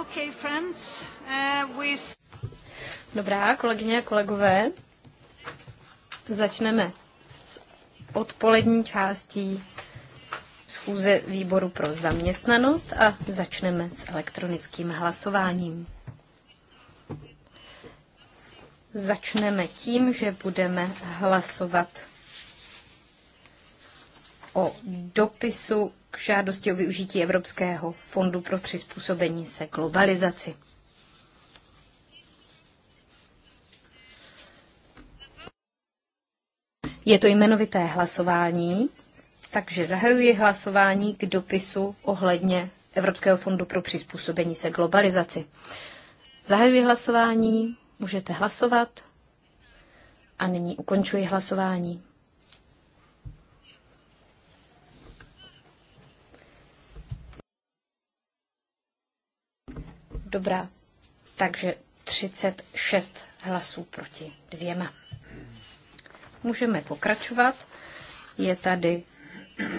Okay, friends, uh, we... Dobrá, kolegyně a kolegové, začneme s odpolední částí schůze výboru pro zaměstnanost a začneme s elektronickým hlasováním. Začneme tím, že budeme hlasovat o dopisu k žádosti o využití Evropského fondu pro přizpůsobení se globalizaci. Je to jmenovité hlasování, takže zahajuji hlasování k dopisu ohledně Evropského fondu pro přizpůsobení se globalizaci. Zahajuji hlasování, můžete hlasovat a nyní ukončuji hlasování. Dobrá. Takže 36 hlasů proti dvěma. Můžeme pokračovat. Je tady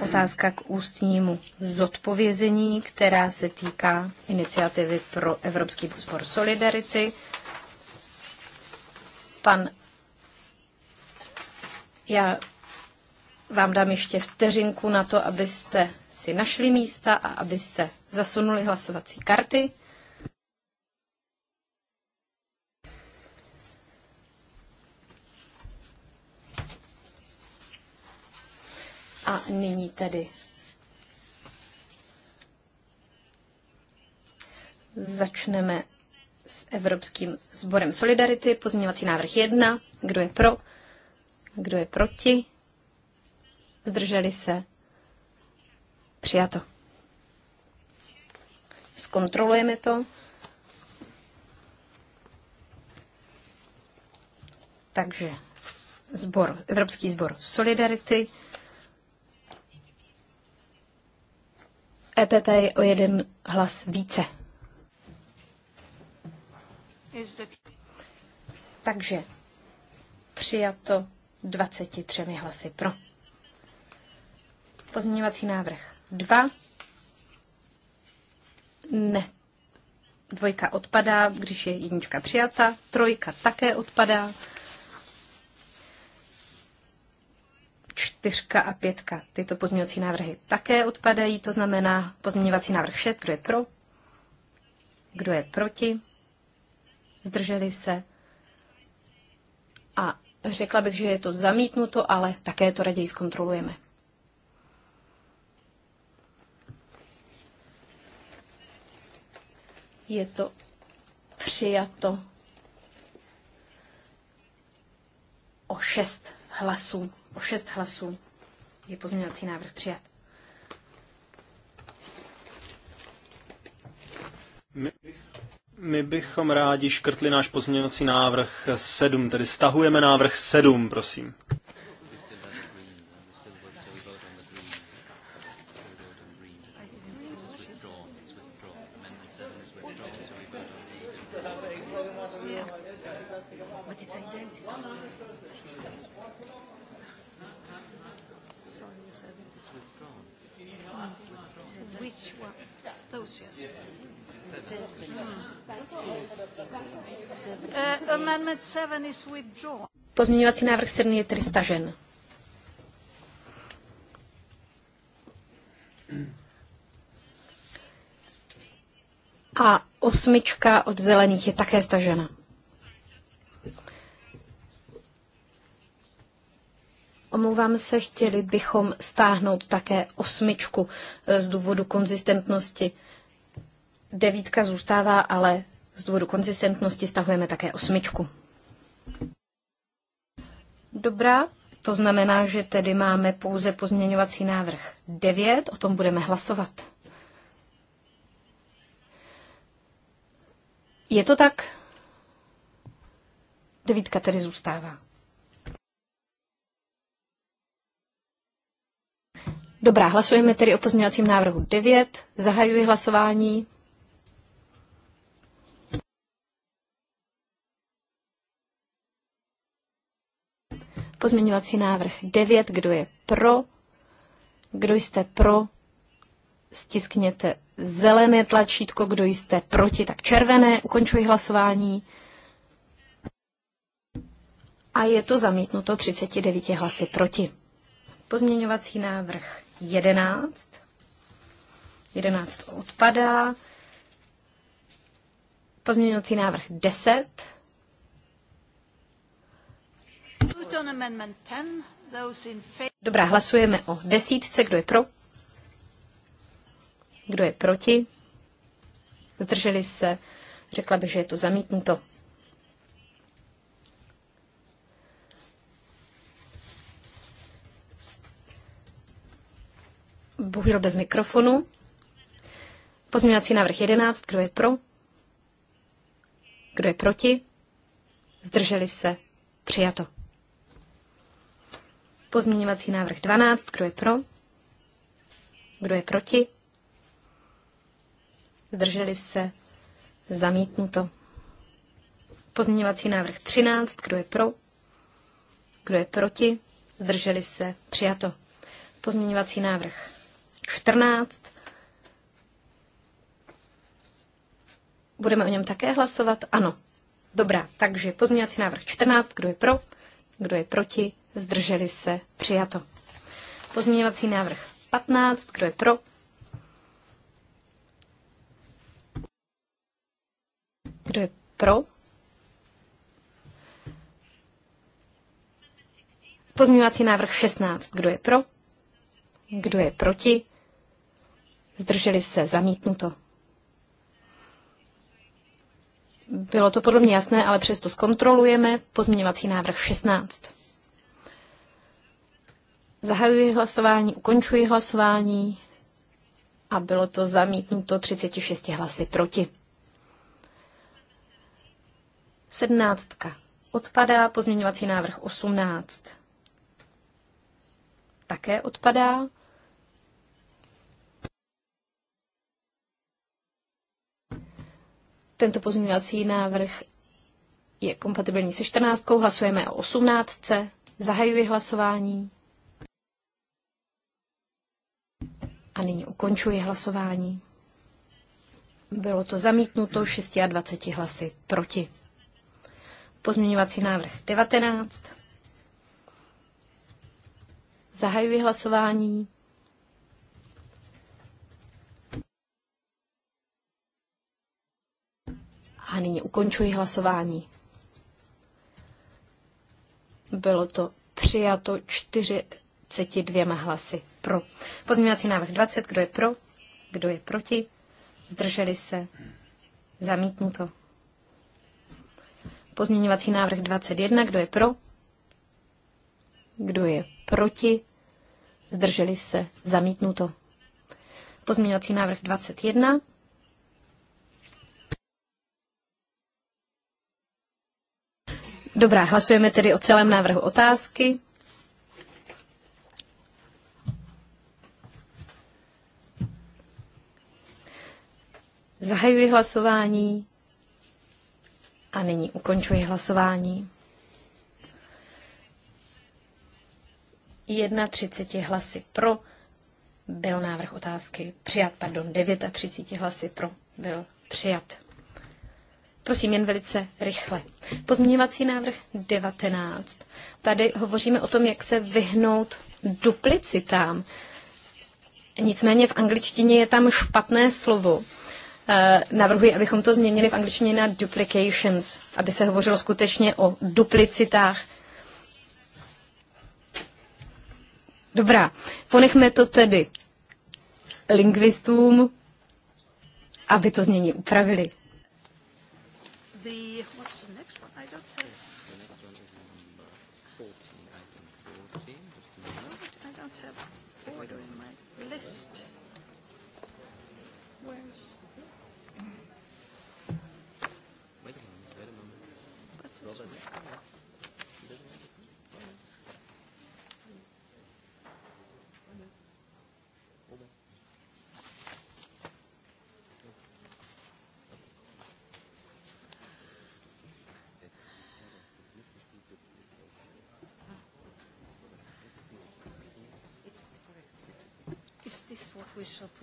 otázka k ústnímu zodpovězení, která se týká iniciativy pro Evropský sbor Solidarity. Pan, já vám dám ještě vteřinku na to, abyste si našli místa a abyste zasunuli hlasovací karty. A nyní tedy začneme s Evropským sborem Solidarity. Pozměňovací návrh 1. Kdo je pro? Kdo je proti? Zdrželi se? Přijato. Zkontrolujeme to. Takže zbor, Evropský sbor Solidarity. EPP je o jeden hlas více. Takže přijato 23 hlasy pro. Pozměňovací návrh 2. Ne. Dvojka odpadá, když je jednička přijata. Trojka také odpadá. čtyřka a pětka. Tyto pozměňovací návrhy také odpadají, to znamená pozměňovací návrh 6, kdo je pro, kdo je proti, zdrželi se. A řekla bych, že je to zamítnuto, ale také to raději zkontrolujeme. Je to přijato o šest hlasů o šest hlasů je pozměňovací návrh přijat. My, my bychom rádi škrtli náš pozměňovací návrh 7, tedy stahujeme návrh 7, prosím. Pozměňovací návrh 7 je tedy stažen. A osmička od zelených je také stažena. Omlouvám se, chtěli bychom stáhnout také osmičku eh, z důvodu konzistentnosti. Devítka zůstává, ale z důvodu konzistentnosti stahujeme také osmičku. Dobrá, to znamená, že tedy máme pouze pozměňovací návrh 9, o tom budeme hlasovat. Je to tak? Devítka tedy zůstává. Dobrá, hlasujeme tedy o pozměňovacím návrhu 9. Zahajuji hlasování. Pozměňovací návrh 9, kdo je pro, kdo jste pro, stiskněte zelené tlačítko, kdo jste proti, tak červené, ukončuji hlasování. A je to zamítnuto 39 hlasy proti. Pozměňovací návrh 11. 11 odpadá. Pozměňovací návrh 10. Dobrá, hlasujeme o desítce. Kdo je pro? Kdo je proti? Zdrželi se. Řekla bych, že je to zamítnuto. Bohužel bez mikrofonu. Pozměňovací návrh 11. Kdo je pro? Kdo je proti? Zdrželi se. Přijato. Pozměňovací návrh 12. Kdo je pro? Kdo je proti? Zdrželi se? Zamítnuto. Pozměňovací návrh 13. Kdo je pro? Kdo je proti? Zdrželi se? Přijato. Pozměňovací návrh 14. Budeme o něm také hlasovat? Ano. Dobrá, takže pozměňovací návrh 14. Kdo je pro? Kdo je proti? zdrželi se, přijato. Pozměňovací návrh 15, kdo je pro? Kdo je pro? Pozměňovací návrh 16, kdo je pro? Kdo je proti? Zdrželi se, zamítnuto. Bylo to podobně jasné, ale přesto zkontrolujeme pozměňovací návrh 16. Zahajuji hlasování, ukončuji hlasování a bylo to zamítnuto 36 hlasy proti. Sednáctka. Odpadá pozměňovací návrh 18. Také odpadá. Tento pozměňovací návrh je kompatibilní se 14. Hlasujeme o 18. Zahajuji hlasování. nyní ukončuji hlasování. Bylo to zamítnuto 26 hlasy proti. Pozměňovací návrh 19. Zahajuji hlasování. A nyní ukončuji hlasování. Bylo to přijato 42 hlasy pro. Pozměňovací návrh 20, kdo je pro, kdo je proti, zdrželi se, zamítnuto. Pozměňovací návrh 21, kdo je pro, kdo je proti, zdrželi se, zamítnuto. Pozměňovací návrh 21, Dobrá, hlasujeme tedy o celém návrhu otázky. Zahajuji hlasování a nyní ukončuji hlasování. 31 hlasy pro byl návrh otázky přijat, pardon, 39 hlasy pro byl přijat. Prosím, jen velice rychle. Pozměňovací návrh 19. Tady hovoříme o tom, jak se vyhnout duplicitám. Nicméně v angličtině je tam špatné slovo Eh, navrhuji, abychom to změnili v angličtině na duplications, aby se hovořilo skutečně o duplicitách. Dobrá, ponechme to tedy lingvistům, aby to znění upravili. The, what's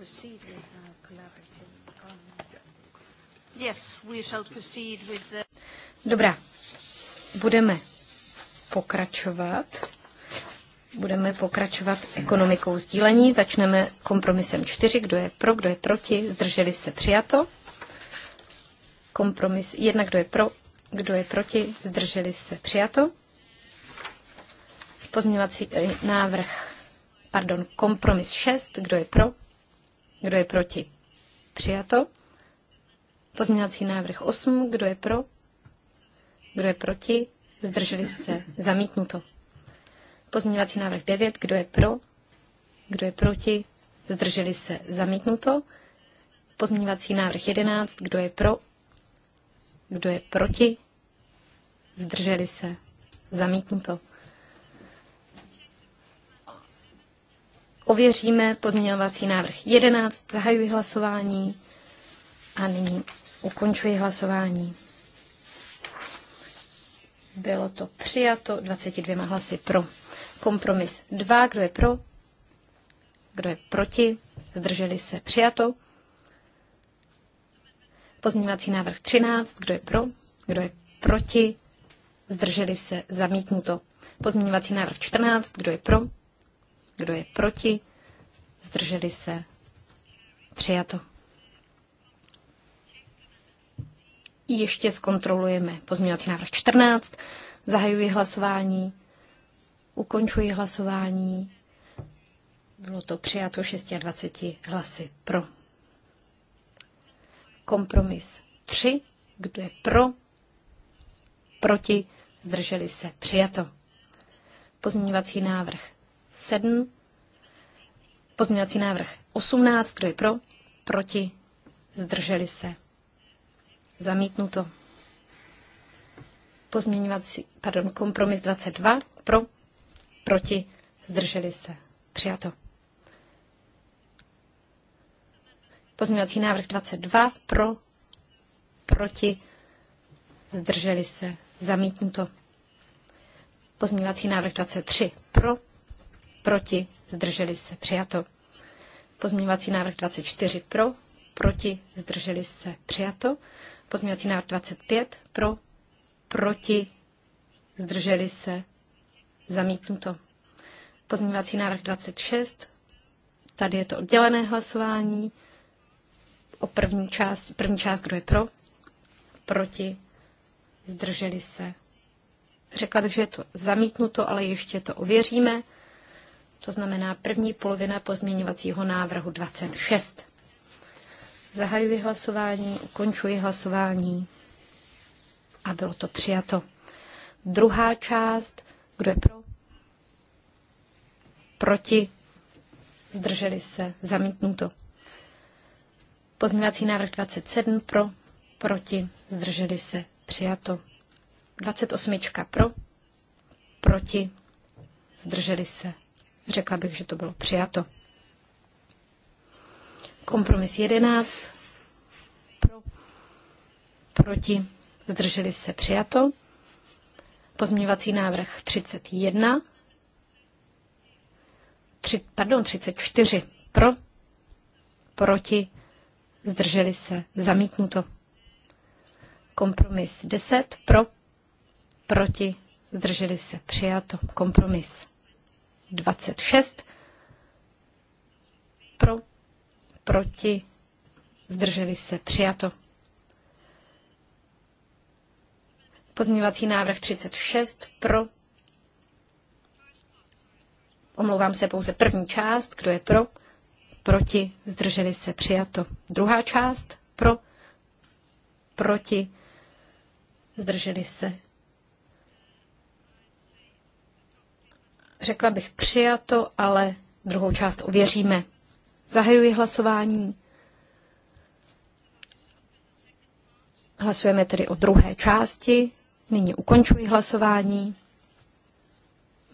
proceed with our collaborative Yes, we shall proceed with the... Dobrá, budeme pokračovat. Budeme pokračovat ekonomikou sdílení. Začneme kompromisem 4. Kdo je pro, kdo je proti, zdrželi se přijato. Kompromis 1. Kdo je pro, kdo je proti, zdrželi se přijato. Pozměňovací eh, návrh, pardon, kompromis 6. Kdo je pro, kdo je proti? Přijato. Pozměňovací návrh 8. Kdo je pro? Kdo je proti? Zdrželi se. Zamítnuto. Pozměňovací návrh 9. Kdo je pro? Kdo je proti? Zdrželi se. Zamítnuto. Pozměňovací návrh 11. Kdo je pro? Kdo je proti? Zdrželi se. Zamítnuto. Ověříme pozměňovací návrh 11, zahajuji hlasování a nyní ukončuji hlasování. Bylo to přijato 22 hlasy pro. Kompromis 2, kdo je pro, kdo je proti, zdrželi se přijato. Pozměňovací návrh 13, kdo je pro, kdo je proti, zdrželi se zamítnuto. Pozměňovací návrh 14, kdo je pro, kdo je proti? Zdrželi se? Přijato. Ještě zkontrolujeme pozměňovací návrh 14. Zahajuji hlasování. Ukončuji hlasování. Bylo to přijato 26 hlasy pro. Kompromis 3. Kdo je pro? Proti? Zdrželi se? Přijato. Pozměňovací návrh 7. Pozměňovací návrh 18. Kdo je pro? Proti? Zdrželi se? Zamítnuto. Pozměňovací, pardon, kompromis 22. Pro? Proti? Zdrželi se? Přijato. Pozměňovací návrh 22. Pro? Proti? Zdrželi se? Zamítnuto. Pozměňovací návrh 23. Pro? proti, zdrželi se, přijato. Pozměňovací návrh 24 pro, proti, zdrželi se, přijato. Pozměňovací návrh 25 pro, proti, zdrželi se, zamítnuto. Pozměňovací návrh 26, tady je to oddělené hlasování o první část, první část, kdo je pro, proti, zdrželi se. Řekla bych, že je to zamítnuto, ale ještě to ověříme. To znamená první polovina pozměňovacího návrhu 26. Zahajuji hlasování, ukončuji hlasování a bylo to přijato. Druhá část, kdo je pro? Proti? Zdrželi se? Zamítnuto. Pozměňovací návrh 27 pro, proti, zdrželi se, přijato. 28 pro, proti, zdrželi se, Řekla bych, že to bylo přijato. Kompromis 11. Pro, proti. Zdrželi se přijato. Pozměňovací návrh 31. Tři, pardon, 34. Pro. Proti. Zdrželi se. Zamítnuto. Kompromis 10. Pro. Proti. Zdrželi se. Přijato. Kompromis 26 pro, proti, zdrželi se, přijato. Pozměňovací návrh 36 pro, omlouvám se pouze první část, kdo je pro, proti, zdrželi se, přijato. Druhá část pro, proti, zdrželi se, řekla bych přijato, ale druhou část ověříme. Zahajuji hlasování. Hlasujeme tedy o druhé části. Nyní ukončuji hlasování.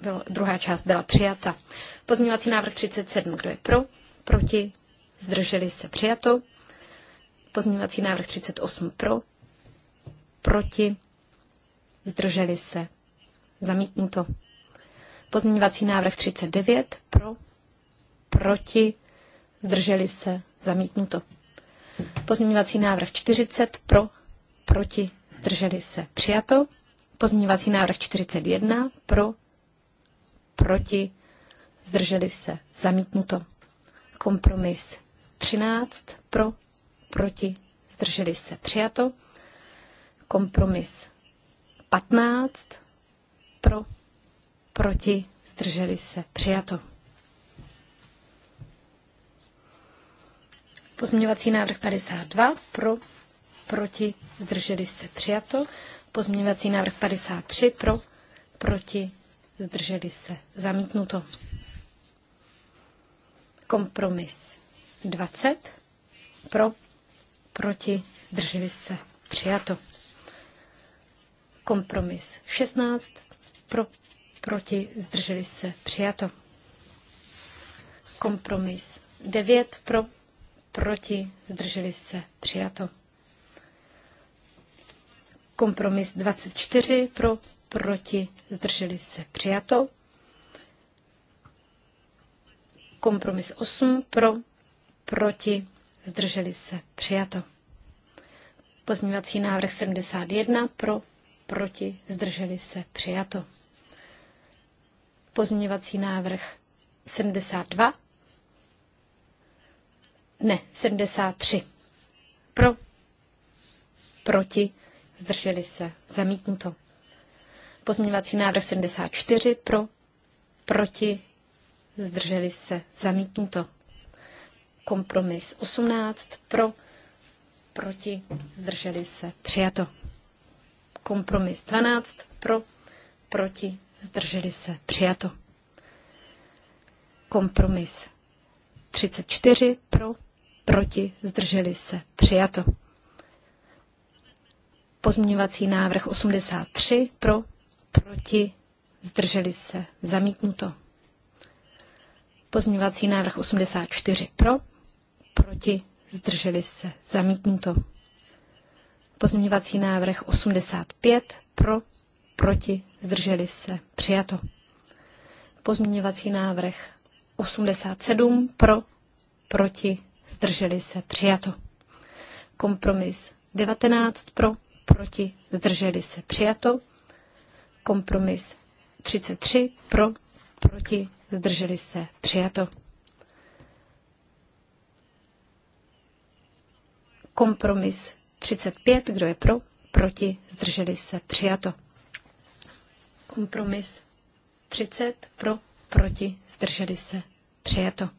Bylo, druhá část byla přijata. Pozměňovací návrh 37. Kdo je pro? Proti? Zdrželi se přijato. Pozměňovací návrh 38 pro, proti, zdrželi se, zamítnuto. Pozměňovací návrh 39 pro, proti, zdrželi se, zamítnuto. Pozměňovací návrh 40 pro, proti, zdrželi se, přijato. Pozměňovací návrh 41 pro, proti, zdrželi se, zamítnuto. Kompromis 13 pro, proti, zdrželi se, přijato. Kompromis 15 pro, proti, zdrželi se, přijato. Pozměňovací návrh 52 pro, proti, zdrželi se, přijato. Pozměňovací návrh 53 pro, proti, zdrželi se, zamítnuto. Kompromis 20 pro, proti, zdrželi se, přijato. Kompromis 16 pro, proti, zdrželi se, přijato. Kompromis 9 pro, proti, zdrželi se, přijato. Kompromis 24 pro, proti, zdrželi se, přijato. Kompromis 8 pro, proti, zdrželi se, přijato. Pozměňovací návrh 71 pro, proti, zdrželi se, přijato. Pozměňovací návrh 72. Ne, 73. Pro. Proti. Zdrželi se. Zamítnuto. Pozměňovací návrh 74. Pro. Proti. Zdrželi se. Zamítnuto. Kompromis 18. Pro. Proti. Zdrželi se. Přijato. Kompromis 12. Pro. Proti zdrželi se, přijato. Kompromis 34 pro, proti, zdrželi se, přijato. Pozměňovací návrh 83 pro, proti, zdrželi se, zamítnuto. Pozměňovací návrh 84 pro, proti, zdrželi se, zamítnuto. Pozměňovací návrh 85 pro, proti, zdrželi se, přijato. Pozměňovací návrh 87 pro, proti, zdrželi se, přijato. Kompromis 19 pro, proti, zdrželi se, přijato. Kompromis 33 pro, proti, zdrželi se, přijato. Kompromis 35, kdo je pro, proti, zdrželi se, přijato. Kompromis 30 pro, proti, zdrželi se. Přijato.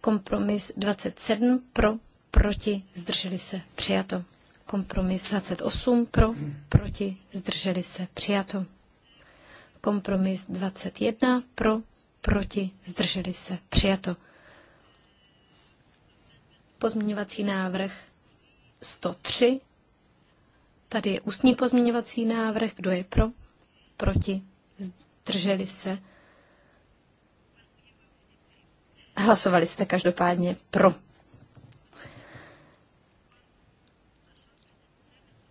Kompromis 27 pro, proti, zdrželi se. Přijato. Kompromis 28 pro, proti, zdrželi se. Přijato. Kompromis 21 pro, proti, zdrželi se. Přijato. Pozměňovací návrh 103 Tady je ústní pozměňovací návrh. Kdo je pro? Proti? Zdrželi se? Hlasovali jste každopádně pro.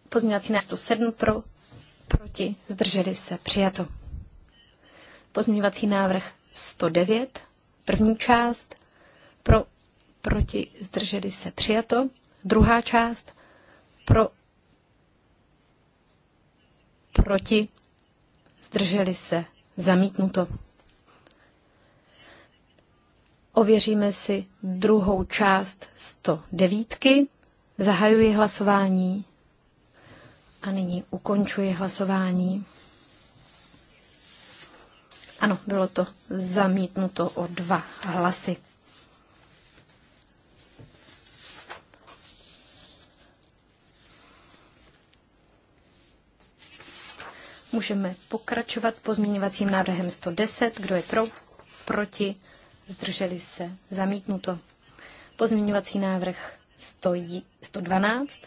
Pozměňovací návrh 107 pro, proti, zdrželi se, přijato. Pozměňovací návrh 109, první část, pro, proti, zdrželi se, přijato. Druhá část, pro, proti, zdrželi se, zamítnuto. Ověříme si druhou část 109. Zahajuji hlasování a nyní ukončuji hlasování. Ano, bylo to zamítnuto o dva hlasy. Můžeme pokračovat pozměňovacím návrhem 110. Kdo je pro? Proti? Zdrželi se? Zamítnuto. Pozměňovací návrh 112.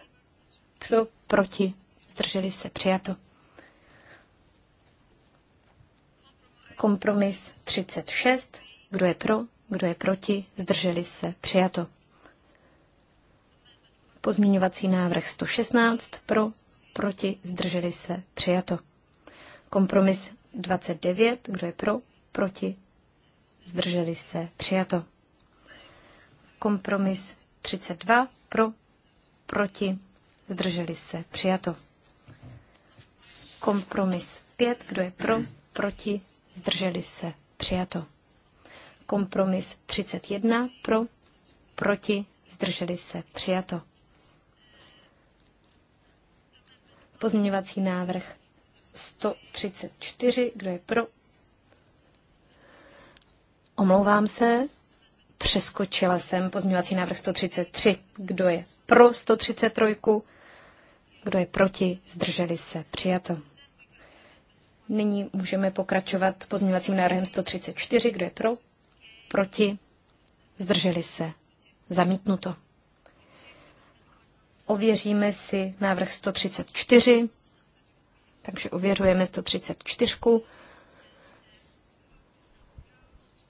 Pro? Proti? Zdrželi se? Přijato. Kompromis 36. Kdo je pro? Kdo je proti? Zdrželi se? Přijato. Pozměňovací návrh 116. Pro? Proti? Zdrželi se? Přijato. Kompromis 29, kdo je pro, proti, zdrželi se, přijato. Kompromis 32, pro, proti, zdrželi se, přijato. Kompromis 5, kdo je pro, proti, zdrželi se, přijato. Kompromis 31, pro, proti, zdrželi se, přijato. Pozměňovací návrh 134, kdo je pro? Omlouvám se, přeskočila jsem pozměňovací návrh 133. Kdo je pro 133? Kdo je proti? Zdrželi se. Přijato. Nyní můžeme pokračovat pozměňovacím návrhem 134. Kdo je pro? Proti? Zdrželi se. Zamítnuto. Ověříme si návrh 134 takže ověřujeme 134.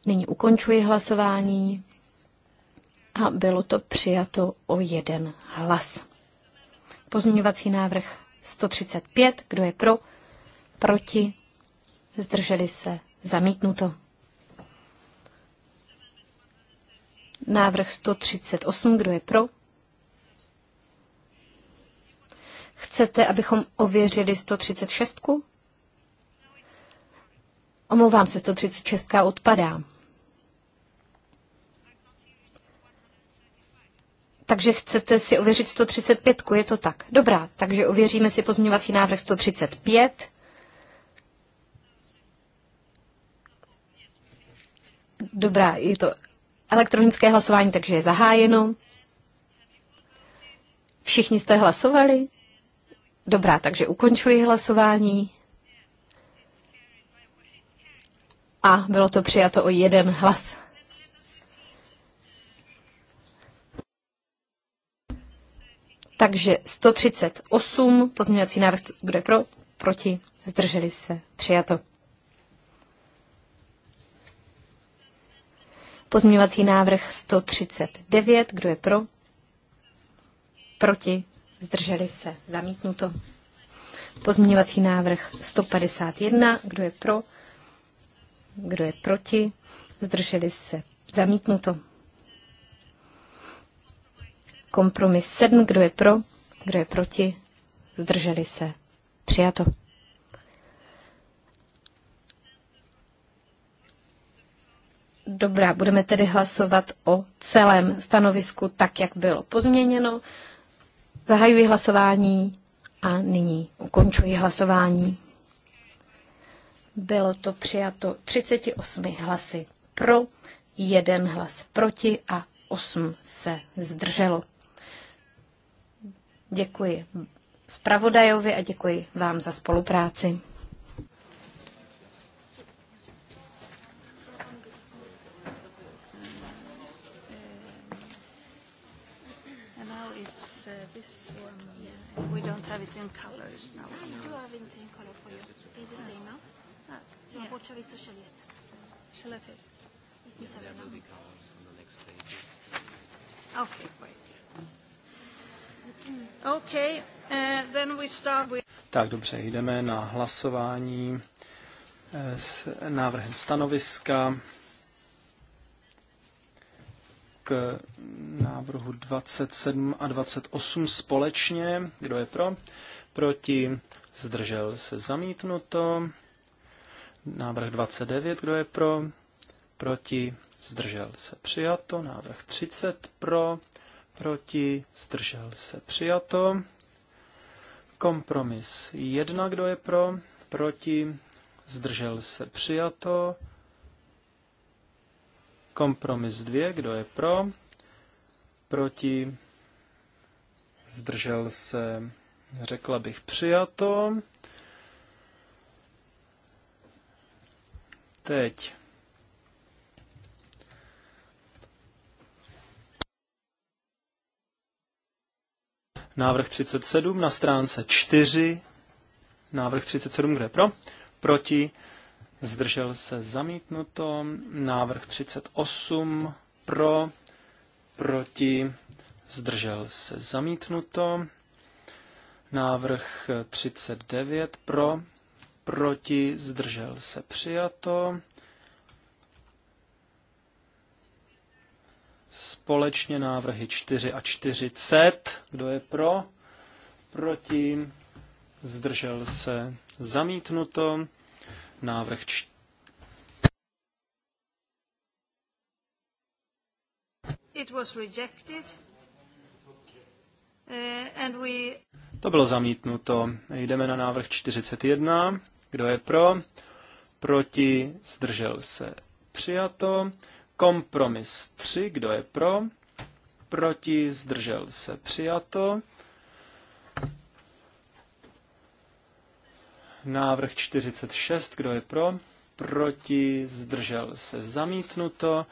Nyní ukončuji hlasování a bylo to přijato o jeden hlas. Pozměňovací návrh 135, kdo je pro, proti, zdrželi se, zamítnuto. Návrh 138, kdo je pro, Chcete, abychom ověřili 136? Omlouvám se, 136 odpadá. Takže chcete si ověřit 135, je to tak? Dobrá, takže ověříme si pozměňovací návrh 135. Dobrá, je to elektronické hlasování, takže je zahájeno. Všichni jste hlasovali? Dobrá, takže ukončuji hlasování. A bylo to přijato o jeden hlas. Takže 138, pozměňovací návrh, kdo je pro, proti, zdrželi se, přijato. Pozměňovací návrh 139, kdo je pro, proti, zdrželi se, zamítnuto. Pozměňovací návrh 151, kdo je pro, kdo je proti, zdrželi se, zamítnuto. Kompromis 7, kdo je pro, kdo je proti, zdrželi se, přijato. Dobrá, budeme tedy hlasovat o celém stanovisku tak, jak bylo pozměněno. Zahajuji hlasování a nyní ukončuji hlasování. Bylo to přijato 38 hlasy pro, jeden hlas proti a 8 se zdrželo. Děkuji zpravodajovi a děkuji vám za spolupráci. have it in colors now. Ah, you do have it in color for you. It's the same now. Ah, ah, yeah. Borchov socialist. Shall I take? Yeah, the next page. Okay, wait. Okay, uh, then we start with... Tak dobře, jdeme na hlasování eh, s návrhem stanoviska k návrhu 27 a 28 společně. Kdo je pro? Proti? Zdržel se zamítnuto. Návrh 29, kdo je pro? Proti? Zdržel se přijato. Návrh 30 pro? Proti? Zdržel se přijato. Kompromis 1, kdo je pro? Proti? Zdržel se přijato. Kompromis 2, kdo je pro? Proti? Zdržel se, řekla bych, přijato. Teď Návrh 37 na stránce 4. Návrh 37, kde pro? Proti zdržel se zamítnuto, návrh 38 pro, proti, zdržel se zamítnuto, návrh 39 pro, proti, zdržel se přijato, společně návrhy 4 a 40, kdo je pro, proti, zdržel se zamítnuto, návrh č... It was rejected. Eh, and we... To bylo zamítnuto. Jdeme na návrh 41. Kdo je pro? Proti? Zdržel se? Přijato. Kompromis 3. Kdo je pro? Proti? Zdržel se? Přijato. Návrh 46, kdo je pro? Proti, zdržel se zamítnuto.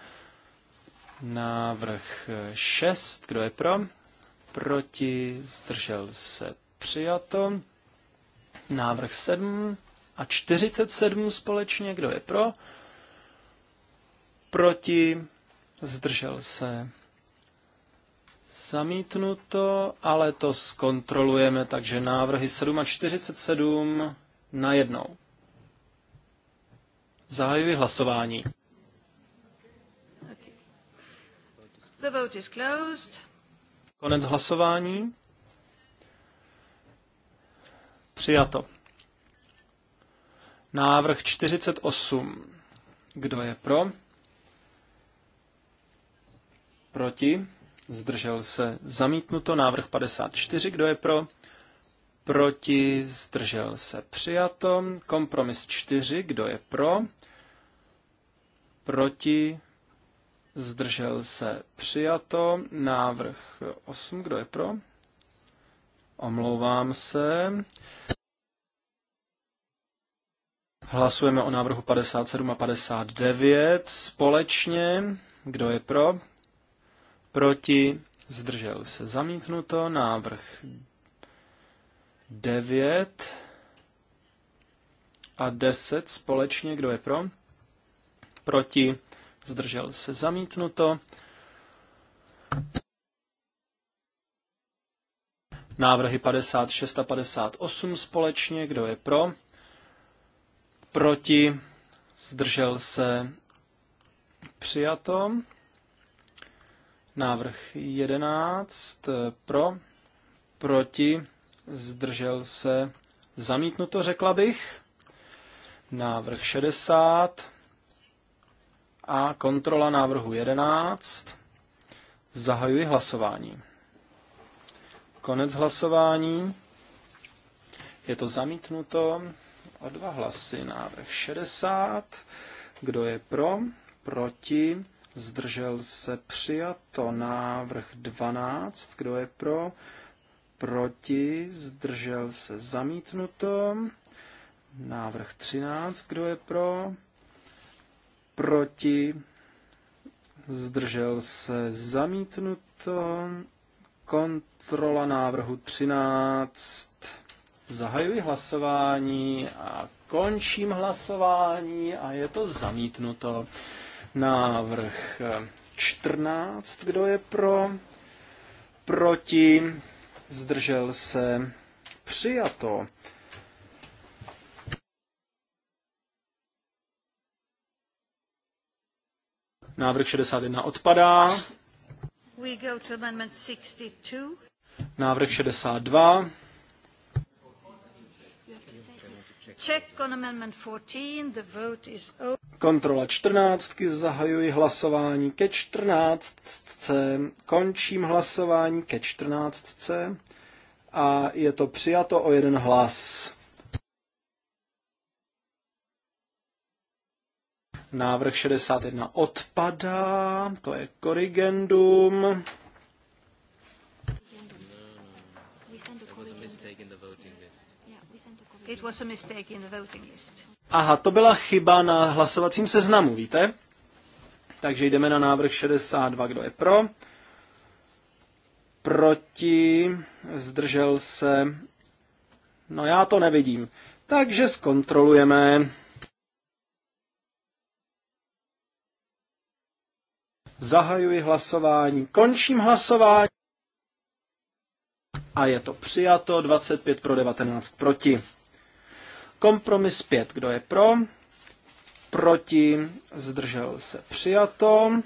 Návrh 6, kdo je pro? Proti, zdržel se přijato. Návrh 7 a 47 společně, kdo je pro? Proti, zdržel se zamítnuto, ale to zkontrolujeme, takže návrhy 7 a 47 najednou. Zahajuji hlasování. The vote is closed. Konec hlasování. Přijato. Návrh 48. Kdo je pro? Proti? Zdržel se. Zamítnuto. Návrh 54. Kdo je pro? proti, zdržel se přijato. Kompromis 4, kdo je pro, proti, zdržel se přijato. Návrh 8, kdo je pro, omlouvám se. Hlasujeme o návrhu 57 a 59 společně. Kdo je pro? Proti? Zdržel se zamítnuto. Návrh 9 a 10 společně. Kdo je pro? Proti? Zdržel se zamítnuto. Návrhy 56 a 58 společně. Kdo je pro? Proti? Zdržel se přijato. Návrh 11 pro, proti, zdržel se, zamítnuto řekla bych. Návrh 60 a kontrola návrhu 11. Zahajuji hlasování. Konec hlasování. Je to zamítnuto o dva hlasy. Návrh 60. Kdo je pro? Proti? Zdržel se přijato. Návrh 12. Kdo je pro? proti, zdržel se zamítnuto. Návrh 13, kdo je pro, proti, zdržel se zamítnuto. Kontrola návrhu 13. Zahajuji hlasování a končím hlasování a je to zamítnuto. Návrh 14, kdo je pro, proti, zdržel se, přijato. Návrh 61 odpadá. We go to amendment 62. Návrh 62. Kontrola čtrnáctky, zahajuji hlasování ke čtrnáctce, končím hlasování ke čtrnáctce a je to přijato o jeden hlas. Návrh 61 odpadá, to je korrigendum. Aha, to byla chyba na hlasovacím seznamu, víte? Takže jdeme na návrh 62. Kdo je pro? Proti? Zdržel se? No já to nevidím. Takže zkontrolujeme. Zahajuji hlasování. Končím hlasování. A je to přijato 25 pro 19 proti. Kompromis 5, kdo je pro? Proti, zdržel se přijato.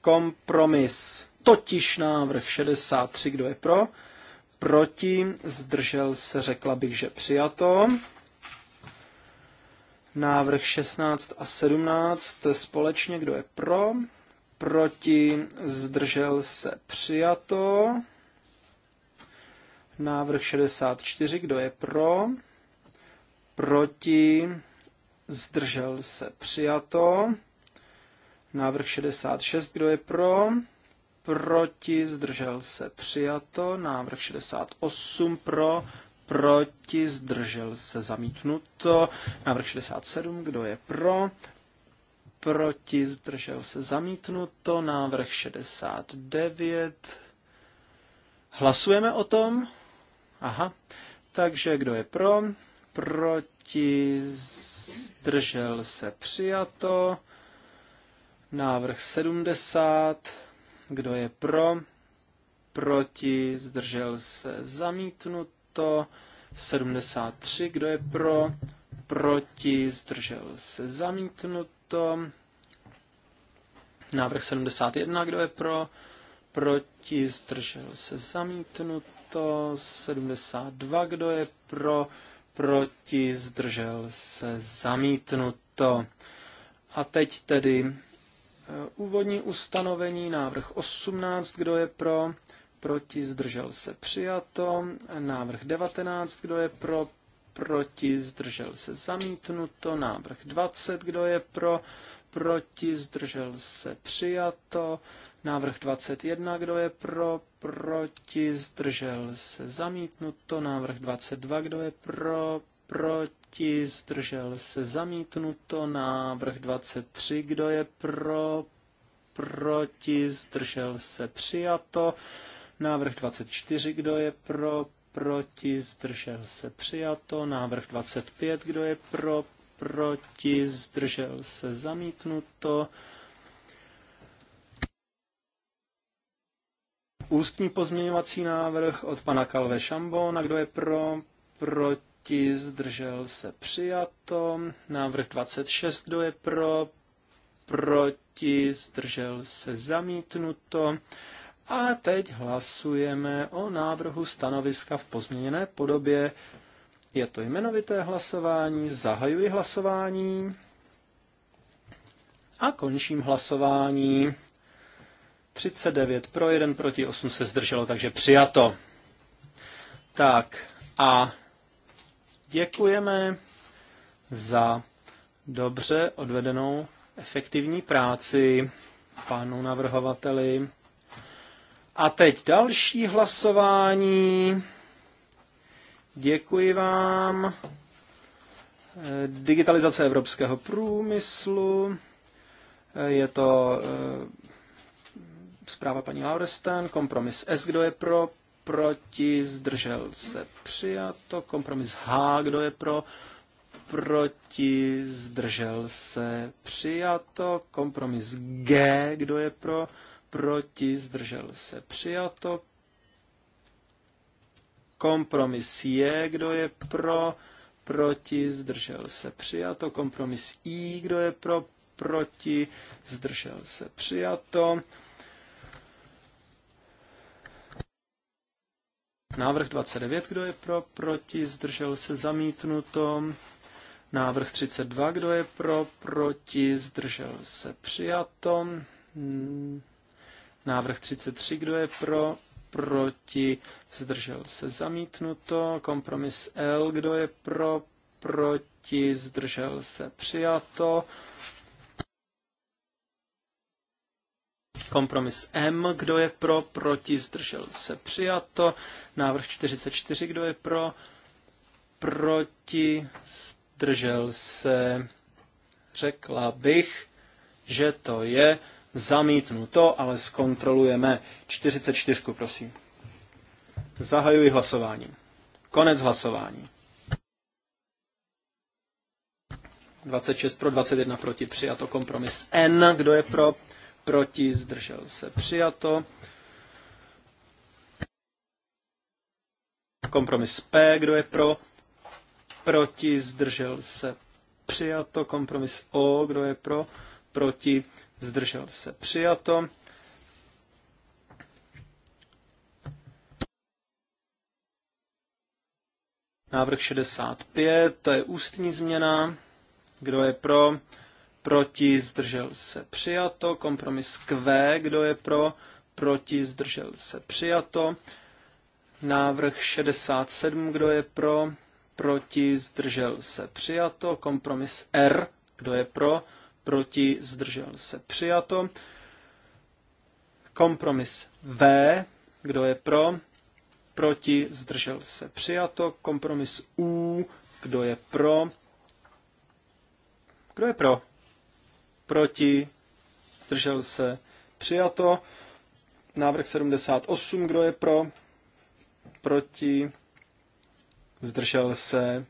Kompromis, totiž návrh 63, kdo je pro? Proti, zdržel se, řekla bych, že přijato. Návrh 16 a 17 společně, kdo je pro? Proti, zdržel se, přijato. Návrh 64, kdo je pro? Proti? Zdržel se přijato. Návrh 66, kdo je pro? Proti? Zdržel se přijato. Návrh 68 pro? Proti? Zdržel se zamítnuto. Návrh 67, kdo je pro? Proti? Zdržel se zamítnuto. Návrh 69. Hlasujeme o tom? Aha. Takže kdo je pro? Proti zdržel se přijato. Návrh 70. Kdo je pro? Proti zdržel se zamítnuto. 73. Kdo je pro? Proti zdržel se zamítnuto. Návrh 71. Kdo je pro? Proti zdržel se zamítnuto 172. 72, kdo je pro, proti, zdržel se, zamítnuto. A teď tedy eh, úvodní ustanovení, návrh 18, kdo je pro, proti, zdržel se, přijato. Návrh 19, kdo je pro, proti, zdržel se, zamítnuto. Návrh 20, kdo je pro, proti, zdržel se, přijato. Návrh 21, kdo je pro, proti, zdržel se zamítnuto. Návrh 22, kdo je pro, proti, zdržel se zamítnuto. Návrh 23, kdo je pro, proti, zdržel se přijato. Návrh 24, kdo je pro, proti, zdržel se přijato. Návrh 25, kdo je pro, proti, zdržel se zamítnuto. Ústní pozměňovací návrh od pana Kalve Šambona. Kdo je pro? Proti? Zdržel se přijato. Návrh 26. Kdo je pro? Proti? Zdržel se zamítnuto. A teď hlasujeme o návrhu stanoviska v pozměněné podobě. Je to jmenovité hlasování, zahajuji hlasování a končím hlasování. 39 pro, 1 proti, 8 se zdrželo, takže přijato. Tak a děkujeme za dobře odvedenou efektivní práci panu navrhovateli. A teď další hlasování. Děkuji vám. Digitalizace evropského průmyslu. Je to eh, Zpráva paní Laurestan, kompromis S, kdo je pro, proti, zdržel se přijato, kompromis H, kdo je pro, proti, zdržel se přijato, kompromis G, kdo je pro, proti, zdržel se přijato, kompromis J, kdo je pro, proti, zdržel se přijato, kompromis I, kdo je pro, proti, zdržel se přijato, Návrh 29, kdo je pro, proti, zdržel se zamítnuto. Návrh 32, kdo je pro, proti, zdržel se přijato. Návrh 33, kdo je pro, proti, zdržel se zamítnuto. Kompromis L, kdo je pro, proti, zdržel se přijato. Kompromis M, kdo je pro, proti, zdržel se, přijato. Návrh 44, kdo je pro, proti, zdržel se, řekla bych, že to je zamítnuto, ale zkontrolujeme 44, prosím. Zahajuji hlasování. Konec hlasování. 26 pro, 21 proti, přijato kompromis N. Kdo je pro, proti, zdržel se přijato. Kompromis P, kdo je pro, proti, zdržel se přijato. Kompromis O, kdo je pro, proti, zdržel se přijato. Návrh 65, to je ústní změna. Kdo je pro? proti, zdržel se přijato. Kompromis Q, kdo je pro, proti, zdržel se přijato. Návrh 67, kdo je pro, proti, zdržel se přijato. Kompromis R, kdo je pro, proti, zdržel se přijato. Kompromis V, kdo je pro, proti, zdržel se přijato. Kompromis U, kdo je pro, kdo je pro? proti, zdržel se, přijato. Návrh 78, kdo je pro, proti, zdržel se,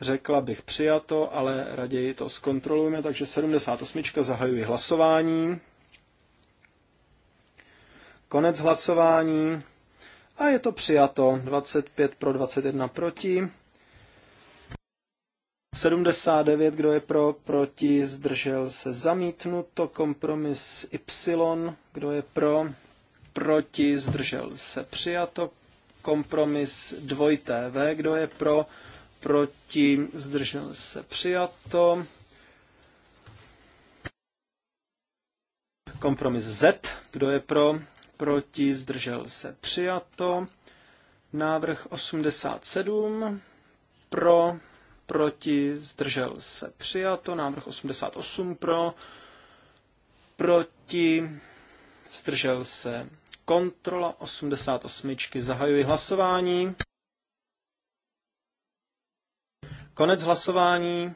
řekla bych přijato, ale raději to zkontrolujeme, takže 78. zahajuji hlasování. Konec hlasování. A je to přijato. 25 pro 21 proti. 79, kdo je pro, proti, zdržel se zamítnuto. Kompromis Y, kdo je pro, proti, zdržel se přijato. Kompromis dvojité V, kdo je pro, proti, zdržel se přijato. Kompromis Z, kdo je pro, proti, zdržel se přijato. Návrh 87, pro, proti, zdržel se přijato, návrh 88 pro, proti, zdržel se kontrola 88. Zahajuji hlasování. Konec hlasování.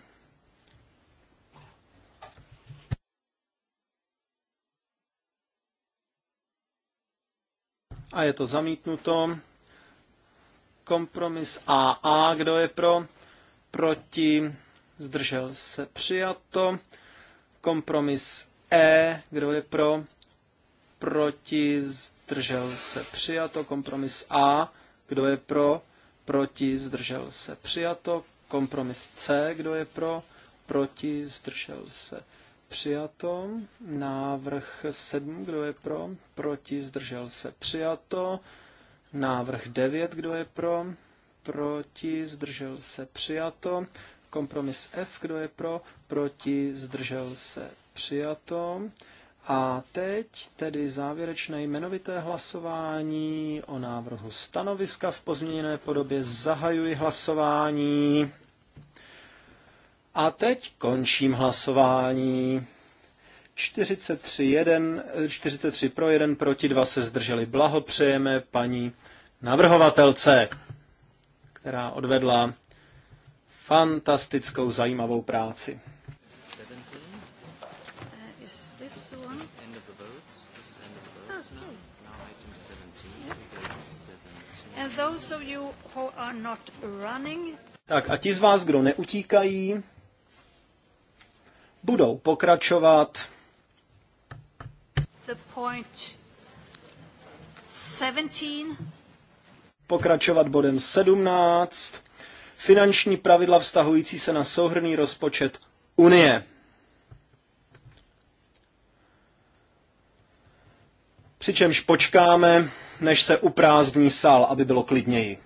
A je to zamítnuto. Kompromis AA, kdo je pro? proti, zdržel se přijato. Kompromis E, kdo je pro, proti, zdržel se přijato. Kompromis A, kdo je pro, proti, zdržel se přijato. Kompromis C, kdo je pro, proti, zdržel se přijato. Návrh 7, kdo je pro, proti, zdržel se přijato. Návrh 9, kdo je pro, proti, zdržel se, přijato. Kompromis F, kdo je pro, proti, zdržel se, přijato. A teď tedy závěrečné jmenovité hlasování o návrhu stanoviska v pozměněné podobě. Zahajuji hlasování. A teď končím hlasování. 43, 1, 43 pro, 1 proti, 2 se zdrželi. Blahopřejeme paní navrhovatelce která odvedla fantastickou, zajímavou práci. Uh, ah, tak a ti z vás, kdo neutíkají, budou pokračovat. The point 17 pokračovat bodem 17. Finanční pravidla vztahující se na souhrný rozpočet Unie. Přičemž počkáme, než se uprázdní sál, aby bylo klidněji.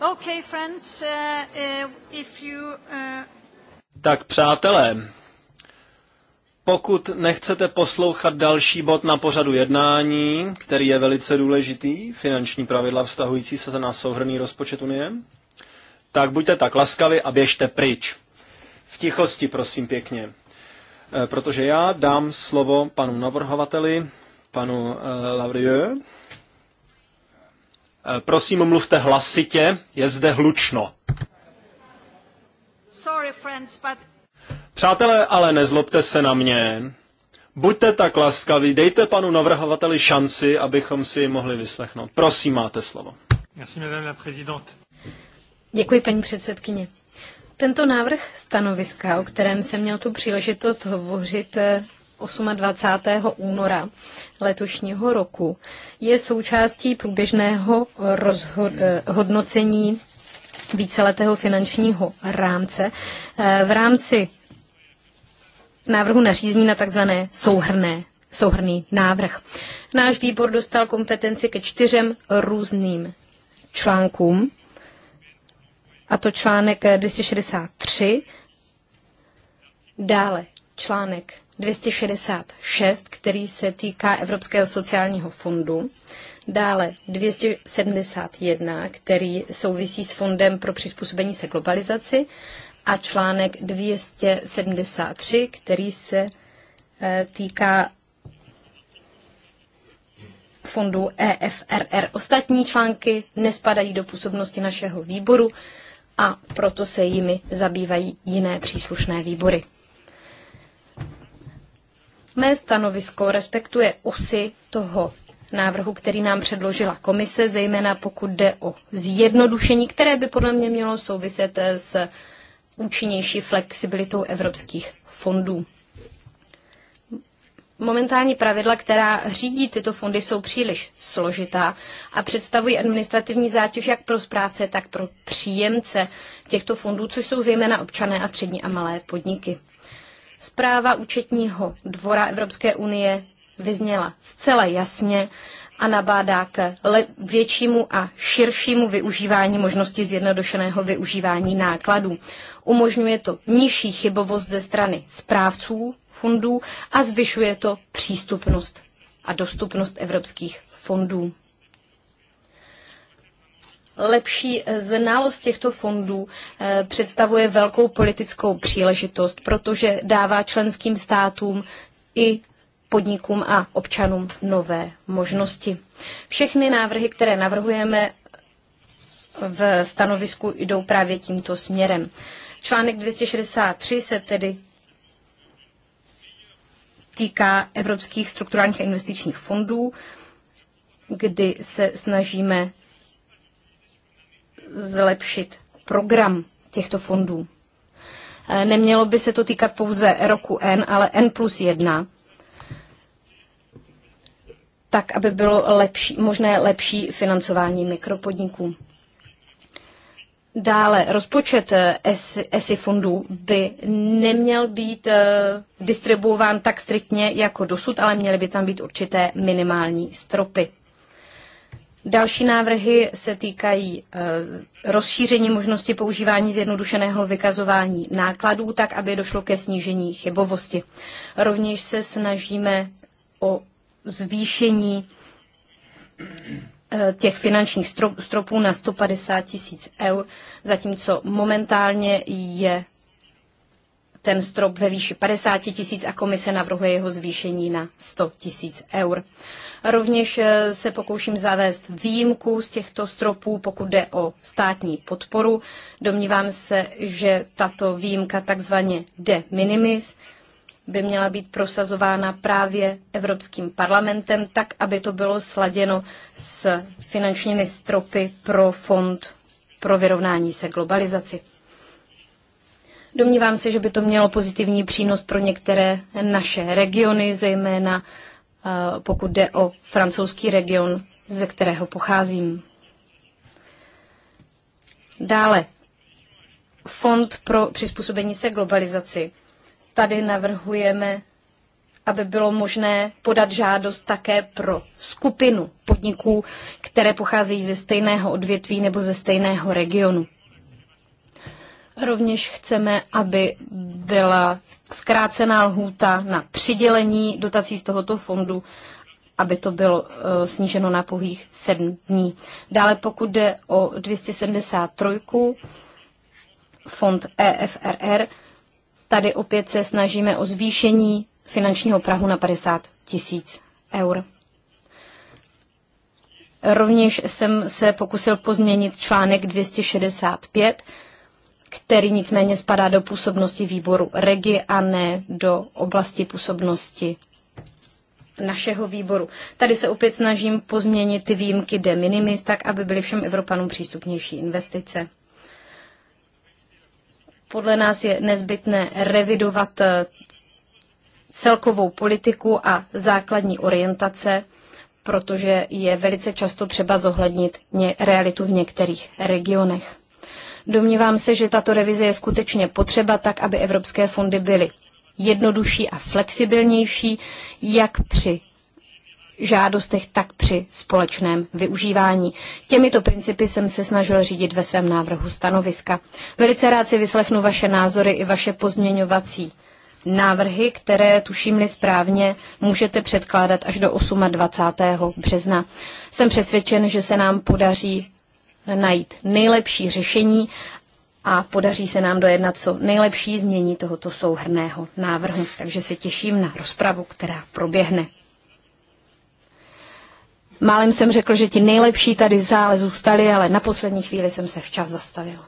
Okay, friends, uh, uh, if you, uh... Tak přátelé, pokud nechcete poslouchat další bod na pořadu jednání, který je velice důležitý, finanční pravidla vztahující se na souhrný rozpočet Unie, tak buďte tak laskavi a běžte pryč. V tichosti, prosím pěkně. Eh, protože já dám slovo panu navrhovateli, panu eh, Lavrieux. Eh, prosím, mluvte hlasitě, je zde hlučno. Sorry, friends, but... Přátelé, ale nezlobte se na mě. Buďte tak laskaví, dejte panu navrhovateli šanci, abychom si ji mohli vyslechnout. Prosím, máte slovo. Děkuji, paní předsedkyně. Tento návrh stanoviska, o kterém jsem měl tu příležitost hovořit eh, 28. února letošního roku, je součástí průběžného eh, hodnocení víceletého finančního rámce eh, v rámci návrhu nařízení na tzv. souhrné souhrný návrh. Náš výbor dostal kompetenci ke čtyřem různým článkům a to článek 263, eh, dále článek 266, který se týká Evropského sociálního fondu, dále 271, který souvisí s Fondem pro přizpůsobení se globalizaci a článek 273, který se eh, týká fondu EFRR. Ostatní články nespadají do působnosti našeho výboru a proto se jimi zabývají jiné příslušné výbory. Mé stanovisko respektuje osy toho návrhu, který nám předložila komise, zejména pokud jde o zjednodušení, které by podle mě mělo souviset s účinnější flexibilitou evropských fondů momentální pravidla, která řídí tyto fondy, jsou příliš složitá a představují administrativní zátěž jak pro správce, tak pro příjemce těchto fondů, což jsou zejména občané a střední a malé podniky. Zpráva účetního dvora Evropské unie vyzněla zcela jasně, a nabádá k většímu a širšímu využívání možnosti zjednodušeného využívání nákladů. Umožňuje to nižší chybovost ze strany správců fondů a zvyšuje to přístupnost a dostupnost evropských fondů. Lepší znalost těchto fondů eh, představuje velkou politickou příležitost, protože dává členským státům i podnikům a občanům nové možnosti. Všechny návrhy, které navrhujeme v stanovisku, jdou právě tímto směrem. Článek 263 se tedy týká evropských strukturálních a investičních fondů, kdy se snažíme zlepšit program těchto fondů. Nemělo by se to týkat pouze roku N, ale N plus 1, tak, aby bylo lepší, možné lepší financování mikropodniků. Dále rozpočet ESI eh, fondů by neměl být eh, distribuován tak striktně jako dosud, ale měly by tam být určité minimální stropy. Další návrhy se týkají eh, rozšíření možnosti používání zjednodušeného vykazování nákladů, tak aby došlo ke snížení chybovosti. Rovněž se snažíme o zvýšení eh, těch finančních stropů na 150 tisíc eur, zatímco momentálně je ten strop ve výši 50 tisíc a komise navrhuje jeho zvýšení na 100 tisíc eur. Rovněž eh, se pokouším zavést výjimku z těchto stropů, pokud jde o státní podporu. Domnívám se, že tato výjimka takzvaně de minimis by měla být prosazována právě Evropským parlamentem, tak aby to bylo sladěno s finančními stropy pro fond pro vyrovnání se globalizaci. Domnívám se, že by to mělo pozitivní přínos pro některé naše regiony, zejména eh, pokud jde o francouzský region, ze kterého pocházím. Dále, Fond pro přizpůsobení se globalizaci Tady navrhujeme, aby bylo možné podat žádost také pro skupinu podniků, které pocházejí ze stejného odvětví nebo ze stejného regionu. Rovněž chceme, aby byla zkrácená lhůta na přidělení dotací z tohoto fondu, aby to bylo eh, sníženo na pouhých sedm dní. Dále pokud jde o 273, fond EFRR, Tady opět se snažíme o zvýšení finančního prahu na 50 tisíc eur. Rovněž jsem se pokusil pozměnit článek 265, který nicméně spadá do působnosti výboru REGI a ne do oblasti působnosti našeho výboru. Tady se opět snažím pozměnit ty výjimky de minimis, tak aby byly všem Evropanům přístupnější investice. Podle nás je nezbytné revidovat eh, celkovou politiku a základní orientace, protože je velice často třeba zohlednit realitu v některých regionech. Domnívám se, že tato revize je skutečně potřeba tak, aby evropské fondy byly jednodušší a flexibilnější, jak při žádostech, tak při společném využívání. Těmito principy jsem se snažil řídit ve svém návrhu stanoviska. Velice rád si vyslechnu vaše názory i vaše pozměňovací návrhy, které, tuším-li správně, můžete předkládat až do 28. března. Jsem přesvědčen, že se nám podaří najít nejlepší řešení a podaří se nám dojednat co nejlepší změní tohoto souhrného návrhu. Takže se těším na rozpravu, která proběhne. Málem jsem řekl, že ti nejlepší tady zále zůstali, ale na poslední chvíli jsem se včas zastavil.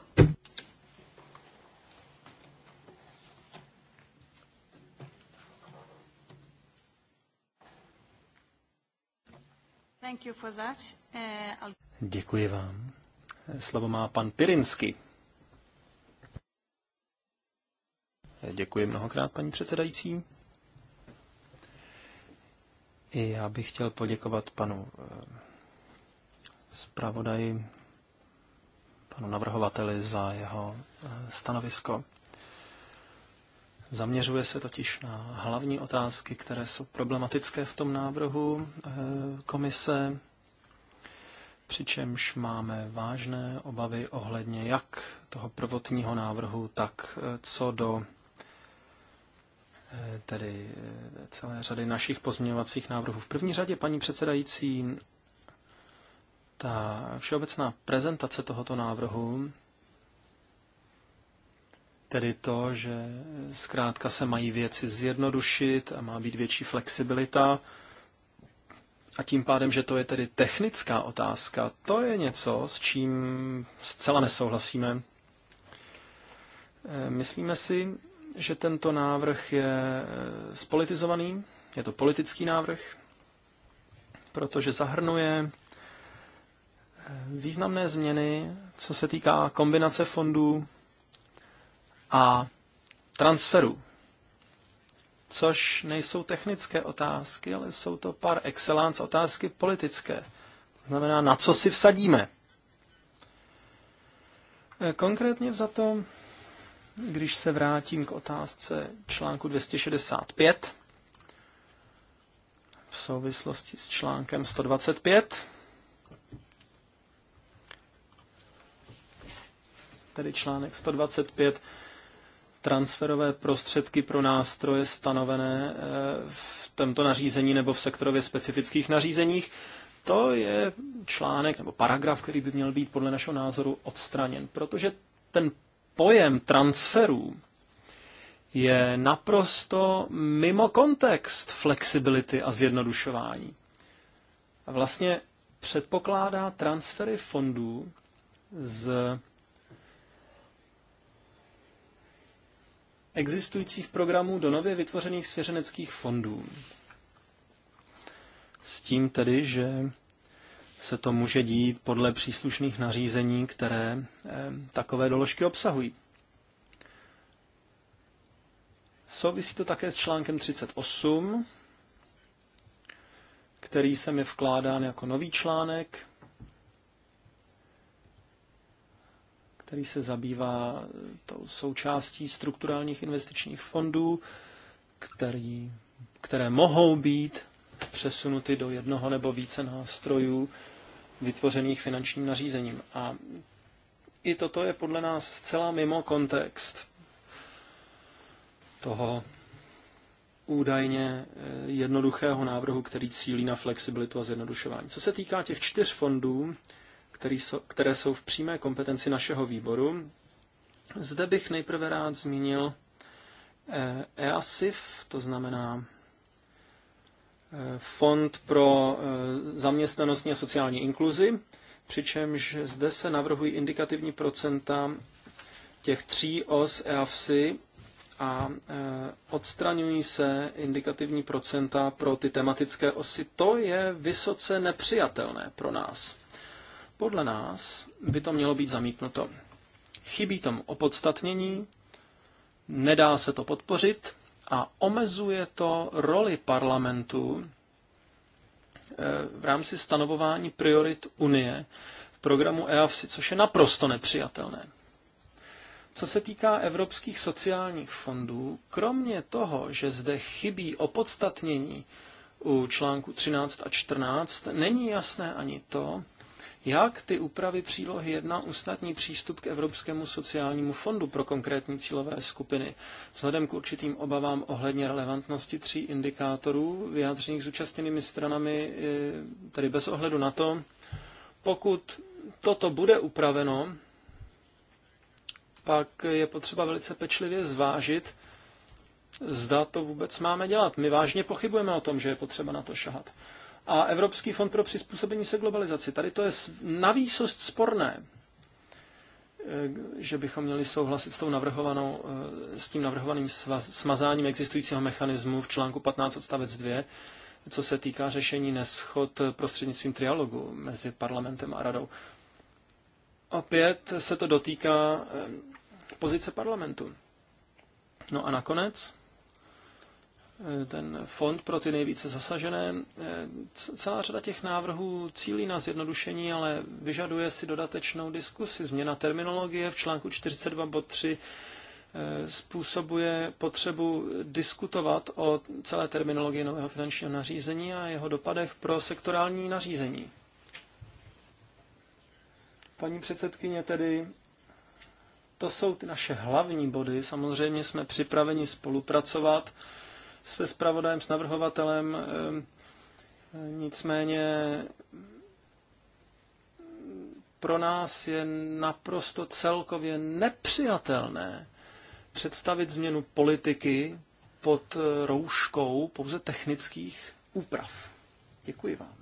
Eh, Děkuji vám. Slovo má pan Pirinsky. Děkuji mnohokrát, paní předsedající. I já bych chtěl poděkovat panu eh, zpravodaji, panu navrhovateli za jeho eh, stanovisko. Zaměřuje se totiž na hlavní otázky, které jsou problematické v tom návrhu eh, komise, přičemž máme vážné obavy ohledně jak toho prvotního návrhu, tak co do Eh, tedy eh, celé řady našich pozměňovacích návrhů. V první řadě, paní předsedající, ta všeobecná prezentace tohoto návrhu, tedy to, že zkrátka se mají věci zjednodušit a má být větší flexibilita, a tím pádem, že to je tedy technická otázka, to je něco, s čím zcela nesouhlasíme. Eh, myslíme si, že tento návrh je e, spolitizovaný, je to politický návrh, protože zahrnuje e, významné změny, co se týká kombinace fondů a transferu, což nejsou technické otázky, ale jsou to par excellence otázky politické. To znamená, na co si vsadíme. E, konkrétně za to když se vrátím k otázce článku 265 v souvislosti s článkem 125, tedy článek 125, transferové prostředky pro nástroje stanovené eh, v tomto nařízení nebo v sektorově specifických nařízeních. To je článek nebo paragraf, který by měl být podle našeho názoru odstraněn, protože ten pojem transferů je naprosto mimo kontext flexibility a zjednodušování. A vlastně předpokládá transfery fondů z existujících programů do nově vytvořených svěřeneckých fondů. S tím tedy, že se to může dít podle příslušných nařízení, které eh, takové doložky obsahují. Souvisí to také s článkem 38, který se mi vkládán jako nový článek, který se zabývá eh, tou součástí strukturálních investičních fondů, který, které mohou být přesunuty do jednoho nebo více nástrojů vytvořených finančním nařízením. A i toto je podle nás zcela mimo kontext toho údajně eh, jednoduchého návrhu, který cílí na flexibilitu a zjednodušování. Co se týká těch čtyř fondů, které jsou v přímé kompetenci našeho výboru, zde bych nejprve rád zmínil eh, EASIF, to znamená Fond pro eh, zaměstnanostní a sociální inkluzi, přičemž zde se navrhují indikativní procenta těch tří os EAFSI a eh, odstraňují se indikativní procenta pro ty tematické osy. To je vysoce nepřijatelné pro nás. Podle nás by to mělo být zamítnuto. Chybí tomu opodstatnění, nedá se to podpořit a omezuje to roli parlamentu eh, v rámci stanovování priorit Unie v programu EAFSI, což je naprosto nepřijatelné. Co se týká evropských sociálních fondů, kromě toho, že zde chybí opodstatnění u článku 13 a 14, není jasné ani to, jak ty úpravy přílohy 1 usnadní přístup k Evropskému sociálnímu fondu pro konkrétní cílové skupiny. Vzhledem k určitým obavám ohledně relevantnosti tří indikátorů vyjádřených zúčastněnými stranami, eh, tedy bez ohledu na to, pokud toto bude upraveno, pak je potřeba velice pečlivě zvážit, zda to vůbec máme dělat. My vážně pochybujeme o tom, že je potřeba na to šahat a Evropský fond pro přizpůsobení se globalizaci. Tady to je navýsost sporné, eh, že bychom měli souhlasit s, tou navrhovanou, eh, s tím navrhovaným smazáním existujícího mechanismu v článku 15 odstavec 2, co se týká řešení neschod prostřednictvím trialogu mezi parlamentem a radou. Opět se to dotýká eh, pozice parlamentu. No a nakonec ten fond pro ty nejvíce zasažené. Eh, celá řada těch návrhů cílí na zjednodušení, ale vyžaduje si dodatečnou diskusi. Změna terminologie v článku 42 bod 3 eh, způsobuje potřebu diskutovat o celé terminologii nového finančního nařízení a jeho dopadech pro sektorální nařízení. Paní předsedkyně, tedy to jsou ty naše hlavní body. Samozřejmě jsme připraveni spolupracovat se spravodajem, s navrhovatelem. Ehm, nicméně pro nás je naprosto celkově nepřijatelné představit změnu politiky pod rouškou pouze technických úprav. Děkuji vám.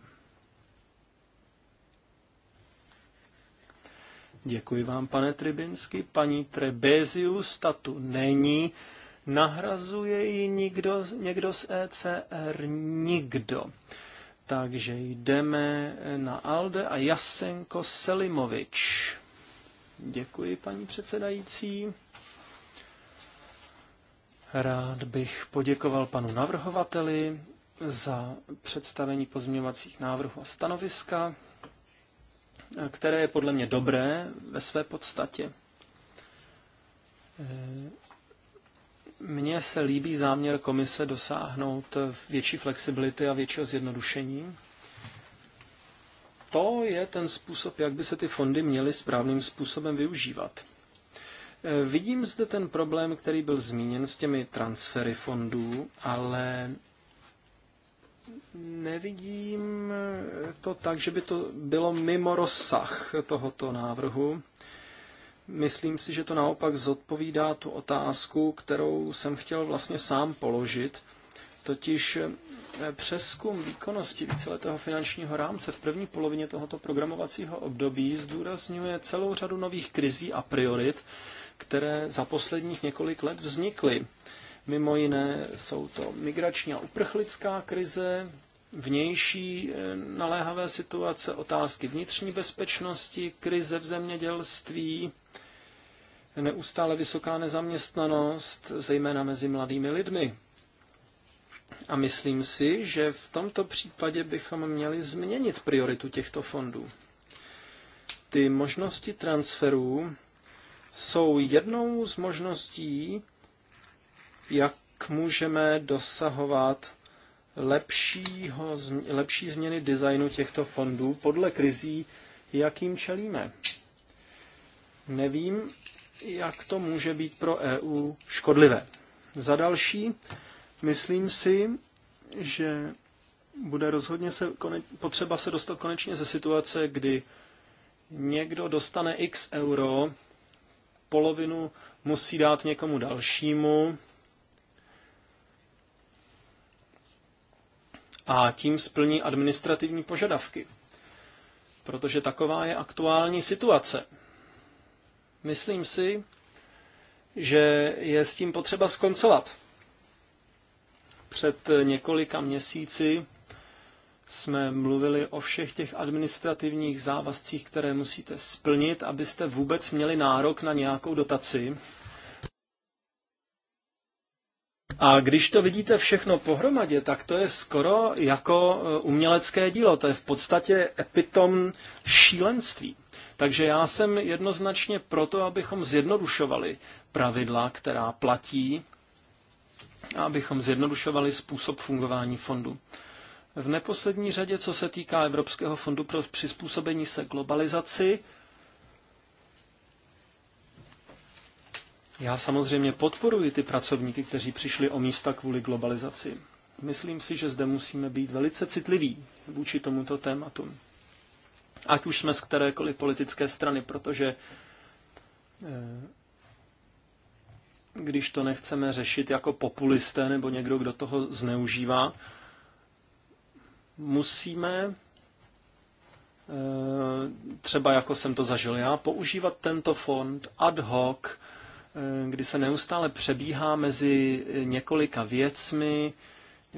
Děkuji vám, pane Tribinsky. Paní Trebezius, ta tu není, Nahrazuje ji nikdo, někdo z ECR? Nikdo. Takže jdeme na Alde a Jasenko Selimovič. Děkuji, paní předsedající. Rád bych poděkoval panu navrhovateli za představení pozměňovacích návrhů a stanoviska, které je podle mě dobré ve své podstatě. Mně se líbí záměr komise dosáhnout větší flexibility a většího zjednodušení. To je ten způsob, jak by se ty fondy měly správným způsobem využívat. Vidím zde ten problém, který byl zmíněn s těmi transfery fondů, ale nevidím to tak, že by to bylo mimo rozsah tohoto návrhu. Myslím si, že to naopak zodpovídá tu otázku, kterou jsem chtěl vlastně sám položit, totiž eh, přeskum výkonnosti víceletého finančního rámce v první polovině tohoto programovacího období zdůrazňuje celou řadu nových krizí a priorit, které za posledních několik let vznikly. Mimo jiné jsou to migrační a uprchlická krize, vnější eh, naléhavé situace, otázky vnitřní bezpečnosti, krize v zemědělství, neustále vysoká nezaměstnanost, zejména mezi mladými lidmi. A myslím si, že v tomto případě bychom měli změnit prioritu těchto fondů. Ty možnosti transferů jsou jednou z možností, jak můžeme dosahovat lepšího, lepší změny designu těchto fondů podle krizí, jakým čelíme. Nevím, jak to může být pro EU škodlivé. Za další, myslím si, že bude rozhodně se kone, potřeba se dostat konečně ze situace, kdy někdo dostane x euro, polovinu musí dát někomu dalšímu a tím splní administrativní požadavky. Protože taková je aktuální situace. Myslím si, že je s tím potřeba skoncovat. Před několika měsíci jsme mluvili o všech těch administrativních závazcích, které musíte splnit, abyste vůbec měli nárok na nějakou dotaci. A když to vidíte všechno pohromadě, tak to je skoro jako e, umělecké dílo. To je v podstatě epitom šílenství. Takže já jsem jednoznačně proto, abychom zjednodušovali pravidla, která platí, a abychom zjednodušovali způsob fungování fondu. V neposlední řadě, co se týká Evropského fondu pro přizpůsobení se globalizaci, já samozřejmě podporuji ty pracovníky, kteří přišli o místa kvůli globalizaci. Myslím si, že zde musíme být velice citliví vůči tomuto tématu ať už jsme z kterékoliv politické strany, protože eh, když to nechceme řešit jako populisté nebo někdo, kdo toho zneužívá, musíme eh, třeba jako jsem to zažil já, používat tento fond ad hoc, eh, kdy se neustále přebíhá mezi několika věcmi,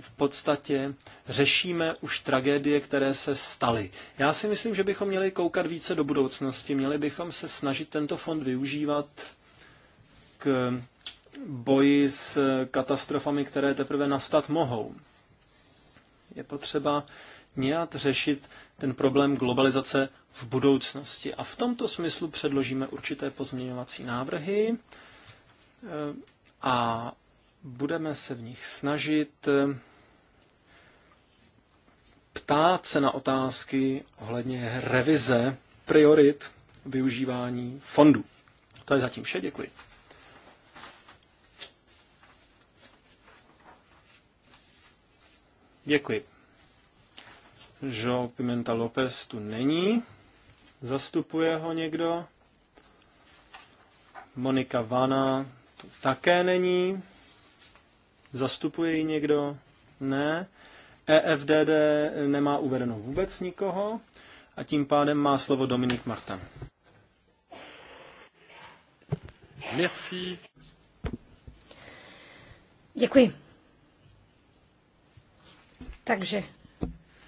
v podstatě řešíme už tragédie, které se staly. Já si myslím, že bychom měli koukat více do budoucnosti, měli bychom se snažit tento fond využívat k boji s katastrofami, které teprve nastat mohou. Je potřeba nějak řešit ten problém globalizace v budoucnosti. A v tomto smyslu předložíme určité pozměňovací návrhy eh, a budeme se v nich snažit eh, ptát se na otázky ohledně revize priorit využívání fondů. To je zatím vše, děkuji. Děkuji. Jo Pimenta López tu není. Zastupuje ho někdo? Monika Vana tu také není. Zastupuje ji někdo? Ne. EFDD nemá uvedeno vůbec nikoho a tím pádem má slovo Dominik Marta. Merci. Děkuji. Takže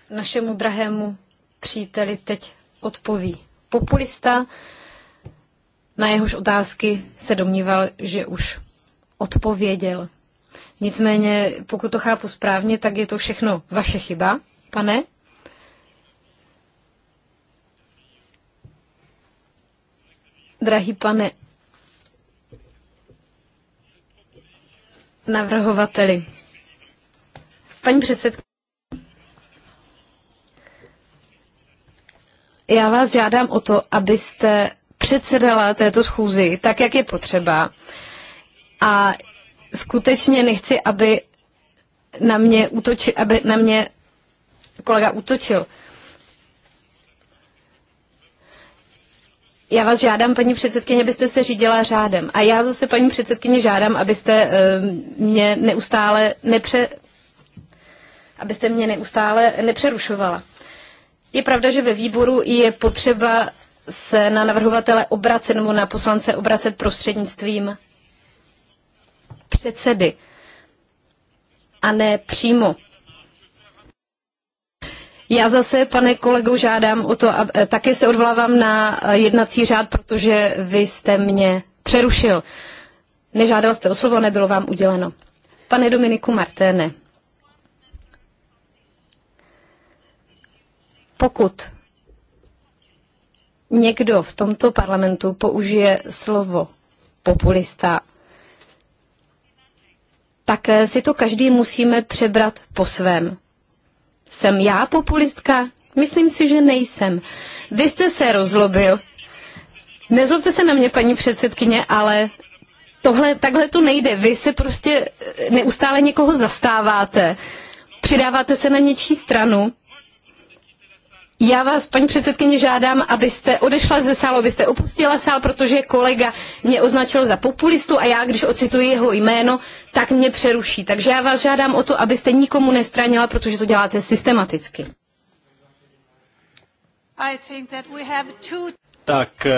našemu drahému příteli teď odpoví populista. Na jehož otázky se domníval, že už odpověděl. Nicméně, pokud to chápu správně, tak je to všechno vaše chyba, pane. Drahý pane navrhovateli, paní předsedkyně, já vás žádám o to, abyste předsedala této schůzi tak, jak je potřeba. A skutečně nechci, aby na mě, útočil, aby na mě kolega útočil. Já vás žádám, paní předsedkyně, abyste se řídila řádem. A já zase, paní předsedkyně, žádám, abyste eh, mě neustále nepře... abyste mě neustále nepřerušovala. Je pravda, že ve výboru je potřeba se na navrhovatele obracet nebo na poslance obracet prostřednictvím předsedy a ne přímo. Já zase, pane kolego, žádám o to, a eh, taky se odvolávám na eh, jednací řád, protože vy jste mě přerušil. Nežádal jste o slovo, nebylo vám uděleno. Pane Dominiku Marténe, pokud někdo v tomto parlamentu použije slovo populista, tak si to každý musíme přebrat po svém. Jsem já populistka? Myslím si, že nejsem. Vy jste se rozlobil. Nezlobte se na mě, paní předsedkyně, ale tohle, takhle to nejde. Vy se prostě neustále někoho zastáváte, přidáváte se na něčí stranu já vás, paní předsedkyně, žádám, abyste odešla ze sálu, abyste opustila sál, protože kolega mě označil za populistu a já, když ocituji jeho jméno, tak mě přeruší. Takže já vás žádám o to, abyste nikomu nestranila, protože to děláte systematicky. Tak, eh,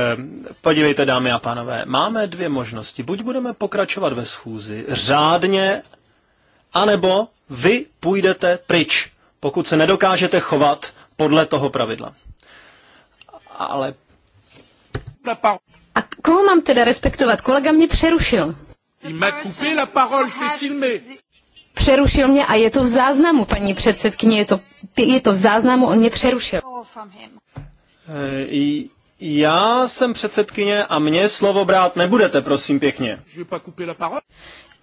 podívejte, dámy a pánové, máme dvě možnosti. Buď budeme pokračovat ve schůzi řádně, anebo vy půjdete pryč, pokud se nedokážete chovat podle toho pravidla. Ale... A koho mám teda respektovat? Kolega mě přerušil. Přerušil mě a je to v záznamu, paní předsedkyně, je to, je to v záznamu, on mě přerušil. Eh, já jsem předsedkyně a mě slovo brát nebudete, prosím pěkně.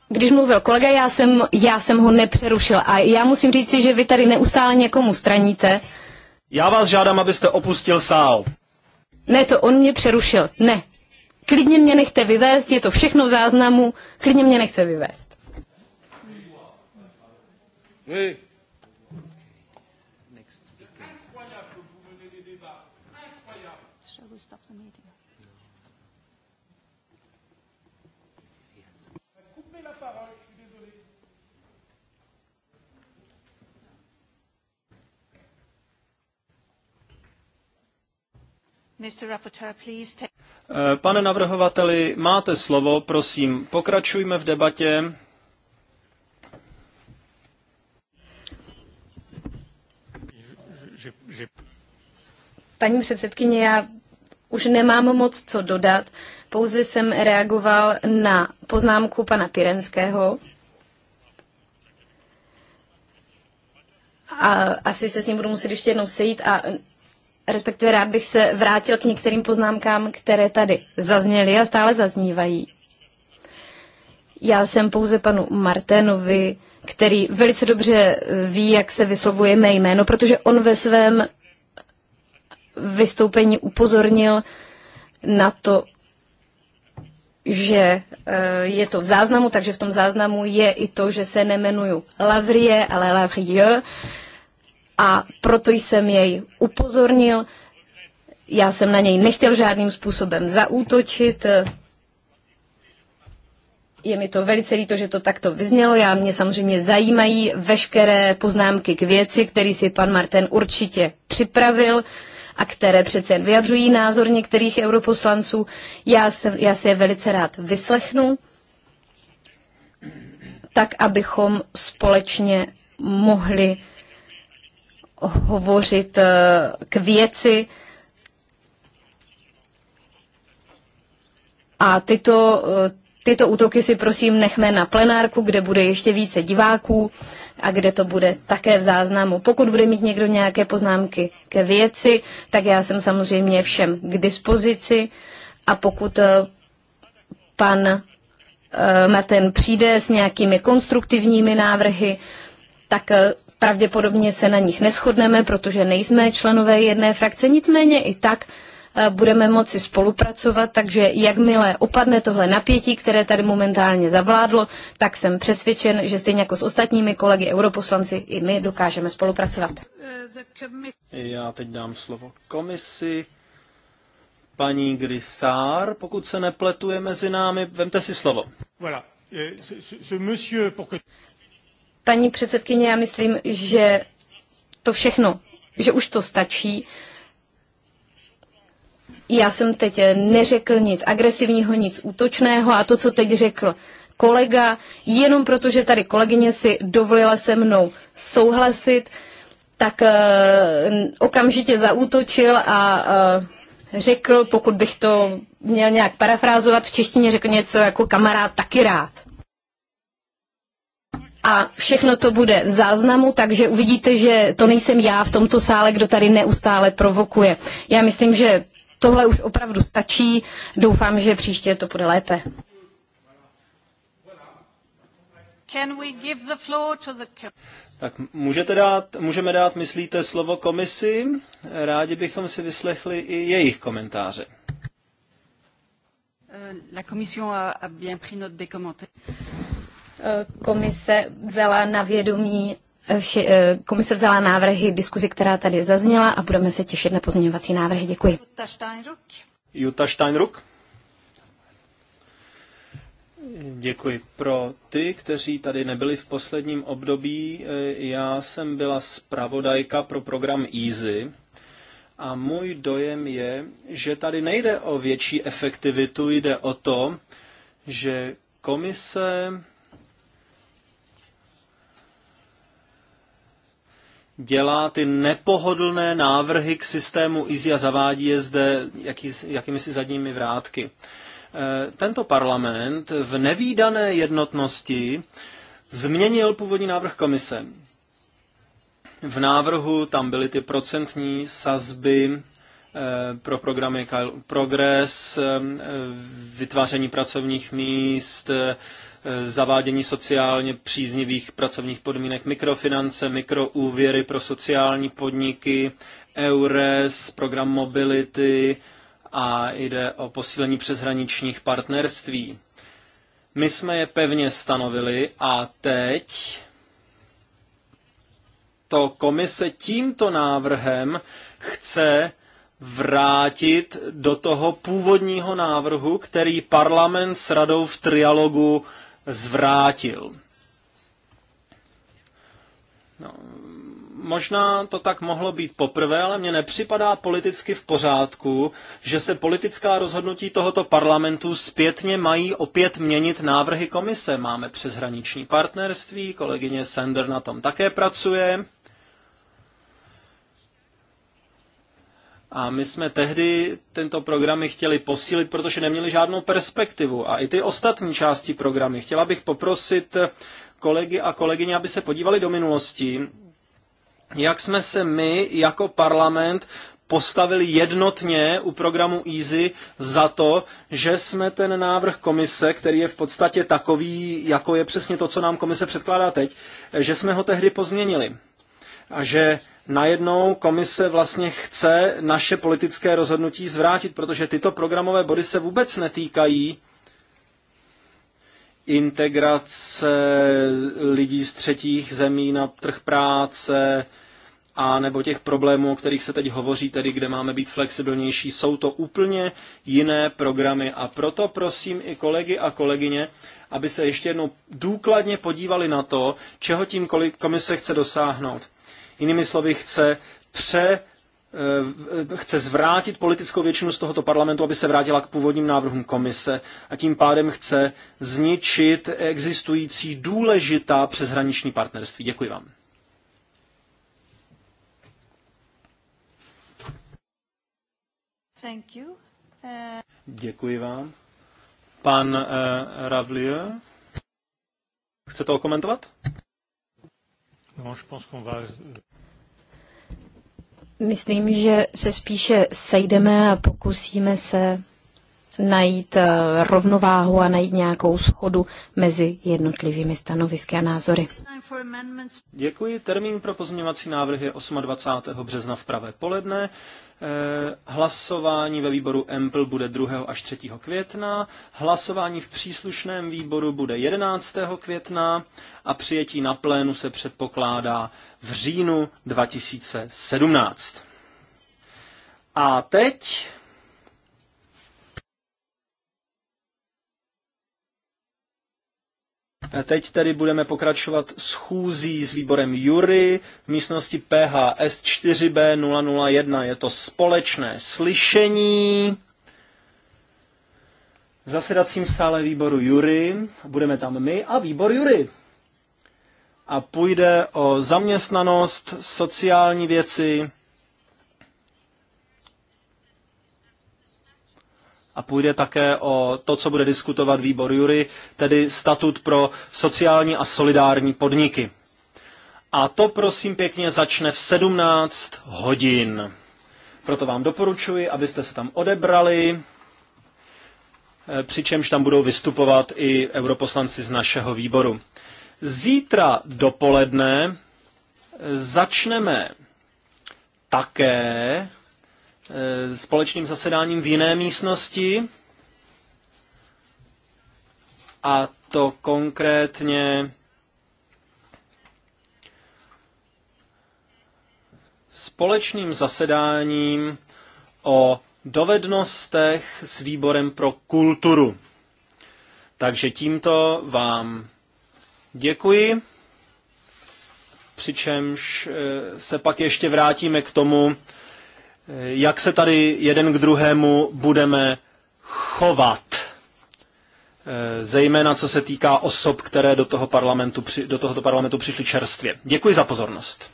Když mluvil kolega, já jsem, já jsem ho nepřerušil a já musím říct, že vy tady neustále někomu straníte. Já vás žádám, abyste opustil sál. Ne, to on mě přerušil. Ne. Klidně mě nechte vyvést, je to všechno v záznamu. Klidně mě nechte vyvést. Hey. Eh, pane navrhovateli, máte slovo, prosím, pokračujme v debatě. Paní předsedkyně, já už nemám moc co dodat, pouze jsem reagoval na poznámku pana Pirenského. A asi se s ním budu muset ještě jednou sejít a respektive rád bych se vrátil k některým poznámkám, které tady zazněly a stále zaznívají. Já jsem pouze panu Marténovi, který velice dobře ví, jak se vyslovuje mé jméno, protože on ve svém vystoupení upozornil na to, že eh, je to v záznamu, takže v tom záznamu je i to, že se nemenuju Lavrie, ale Lavrie, a proto jsem jej upozornil. Já jsem na něj nechtěl žádným způsobem zaútočit. Je mi to velice líto, že to takto vyznělo. Já mě samozřejmě zajímají veškeré poznámky k věci, který si pan Martin určitě připravil a které přece jen vyjadřují názor některých europoslanců. Já, jsem, já si je velice rád vyslechnu, tak abychom společně mohli hovořit eh, k věci. A tyto, eh, tyto útoky si prosím nechme na plenárku, kde bude ještě více diváků a kde to bude také v záznamu. Pokud bude mít někdo nějaké poznámky ke věci, tak já jsem samozřejmě všem k dispozici a pokud eh, pan Martin přijde s nějakými konstruktivními návrhy, tak Pravděpodobně se na nich neschodneme, protože nejsme členové jedné frakce, nicméně i tak eh, budeme moci spolupracovat, takže jakmile opadne tohle napětí, které tady momentálně zavládlo, tak jsem přesvědčen, že stejně jako s ostatními kolegy europoslanci i my dokážeme spolupracovat. Já teď dám slovo komisi. Paní Grisár, pokud se nepletuje mezi námi, vemte si slovo. Voilà. Paní předsedkyně, já myslím, že to všechno, že už to stačí. Já jsem teď neřekl nic agresivního, nic útočného a to, co teď řekl kolega, jenom protože tady kolegyně si dovolila se mnou souhlasit, tak uh, okamžitě zaútočil a uh, řekl, pokud bych to měl nějak parafrázovat v češtině, řekl něco jako kamarád taky rád a všechno to bude v záznamu, takže uvidíte, že to nejsem já v tomto sále, kdo tady neustále provokuje. Já myslím, že tohle už opravdu stačí. Doufám, že příště to bude lépe. The... Tak můžete dát, můžeme dát, myslíte, slovo komisi. Rádi bychom si vyslechli i jejich komentáře. Euh, la commission a, a bien pris note des commentaires komise vzala na vědomí eh, vše, eh, komise vzala návrhy diskuzi, která tady zazněla a budeme se těšit na pozměňovací návrhy. Děkuji. Jutta Steinruck. Steinruck. Děkuji. Pro ty, kteří tady nebyli v posledním období, eh, já jsem byla zpravodajka pro program EASY a můj dojem je, že tady nejde o větší efektivitu, jde o to, že komise dělá ty nepohodlné návrhy k systému EASY a zavádí je zde jaký, jakými si zadními vrátky. E, tento parlament v nevýdané jednotnosti změnil původní návrh komise. V návrhu tam byly ty procentní sazby e, pro programy Progress, e, vytváření pracovních míst, Eh, zavádění sociálně příznivých pracovních podmínek, mikrofinance, mikroúvěry pro sociální podniky, EURES, program mobility a jde o posílení přeshraničních partnerství. My jsme je pevně stanovili a teď to komise tímto návrhem chce vrátit do toho původního návrhu, který parlament s radou v trialogu zvrátil. No, možná to tak mohlo být poprvé, ale mně nepřipadá politicky v pořádku, že se politická rozhodnutí tohoto parlamentu zpětně mají opět měnit návrhy komise. Máme přeshraniční partnerství, kolegyně Sender na tom také pracuje. A my jsme tehdy tento programy chtěli posílit, protože neměli žádnou perspektivu. A i ty ostatní části programy. Chtěla bych poprosit kolegy a kolegyně, aby se podívali do minulosti, jak jsme se my jako parlament postavili jednotně u programu EASY za to, že jsme ten návrh komise, který je v podstatě takový, jako je přesně to, co nám komise předkládá teď, že jsme ho tehdy pozměnili. A že najednou komise vlastně chce naše politické rozhodnutí zvrátit, protože tyto programové body se vůbec netýkají integrace lidí z třetích zemí na trh práce a nebo těch problémů, o kterých se teď hovoří, tedy kde máme být flexibilnější, jsou to úplně jiné programy. A proto prosím i kolegy a kolegyně, aby se ještě jednou důkladně podívali na to, čeho tím komise chce dosáhnout. Jinými slovy, chce pře eh, chce zvrátit politickou většinu z tohoto parlamentu, aby se vrátila k původním návrhům komise a tím pádem chce zničit existující důležitá přeshraniční partnerství. Děkuji vám. Thank you. Uh... Děkuji vám. Pan uh, Ravlier, chcete to komentovat? No, je pense Myslím, že se spíše sejdeme a pokusíme se najít eh, rovnováhu a najít nějakou schodu mezi jednotlivými stanovisky a názory. Děkuji. Termín pro pozměňovací návrhy je 28. března v pravé poledne. Eh, hlasování ve výboru EMPL bude 2. až 3. května, hlasování v příslušném výboru bude 11. května a přijetí na plénu se předpokládá v říjnu 2017. A teď Teď tedy budeme pokračovat schůzí s výborem Jury v místnosti PHS 4B001. Je to společné slyšení v zasedacím sále výboru Jury. Budeme tam my a výbor Jury. A půjde o zaměstnanost, sociální věci, a půjde také o to, co bude diskutovat výbor Jury, tedy statut pro sociální a solidární podniky. A to prosím pěkně začne v 17 hodin. Proto vám doporučuji, abyste se tam odebrali, eh, přičemž tam budou vystupovat i europoslanci z našeho výboru. Zítra dopoledne eh, začneme také Eh, společným zasedáním v jiné místnosti. A to konkrétně společným zasedáním o dovednostech s výborem pro kulturu. Takže tímto vám děkuji, přičemž eh, se pak ještě vrátíme k tomu, Eh, jak se tady jeden k druhému budeme chovat. Eh, zejména co se týká osob, které do, toho parlamentu, do tohoto parlamentu přišly čerstvě. Děkuji za pozornost.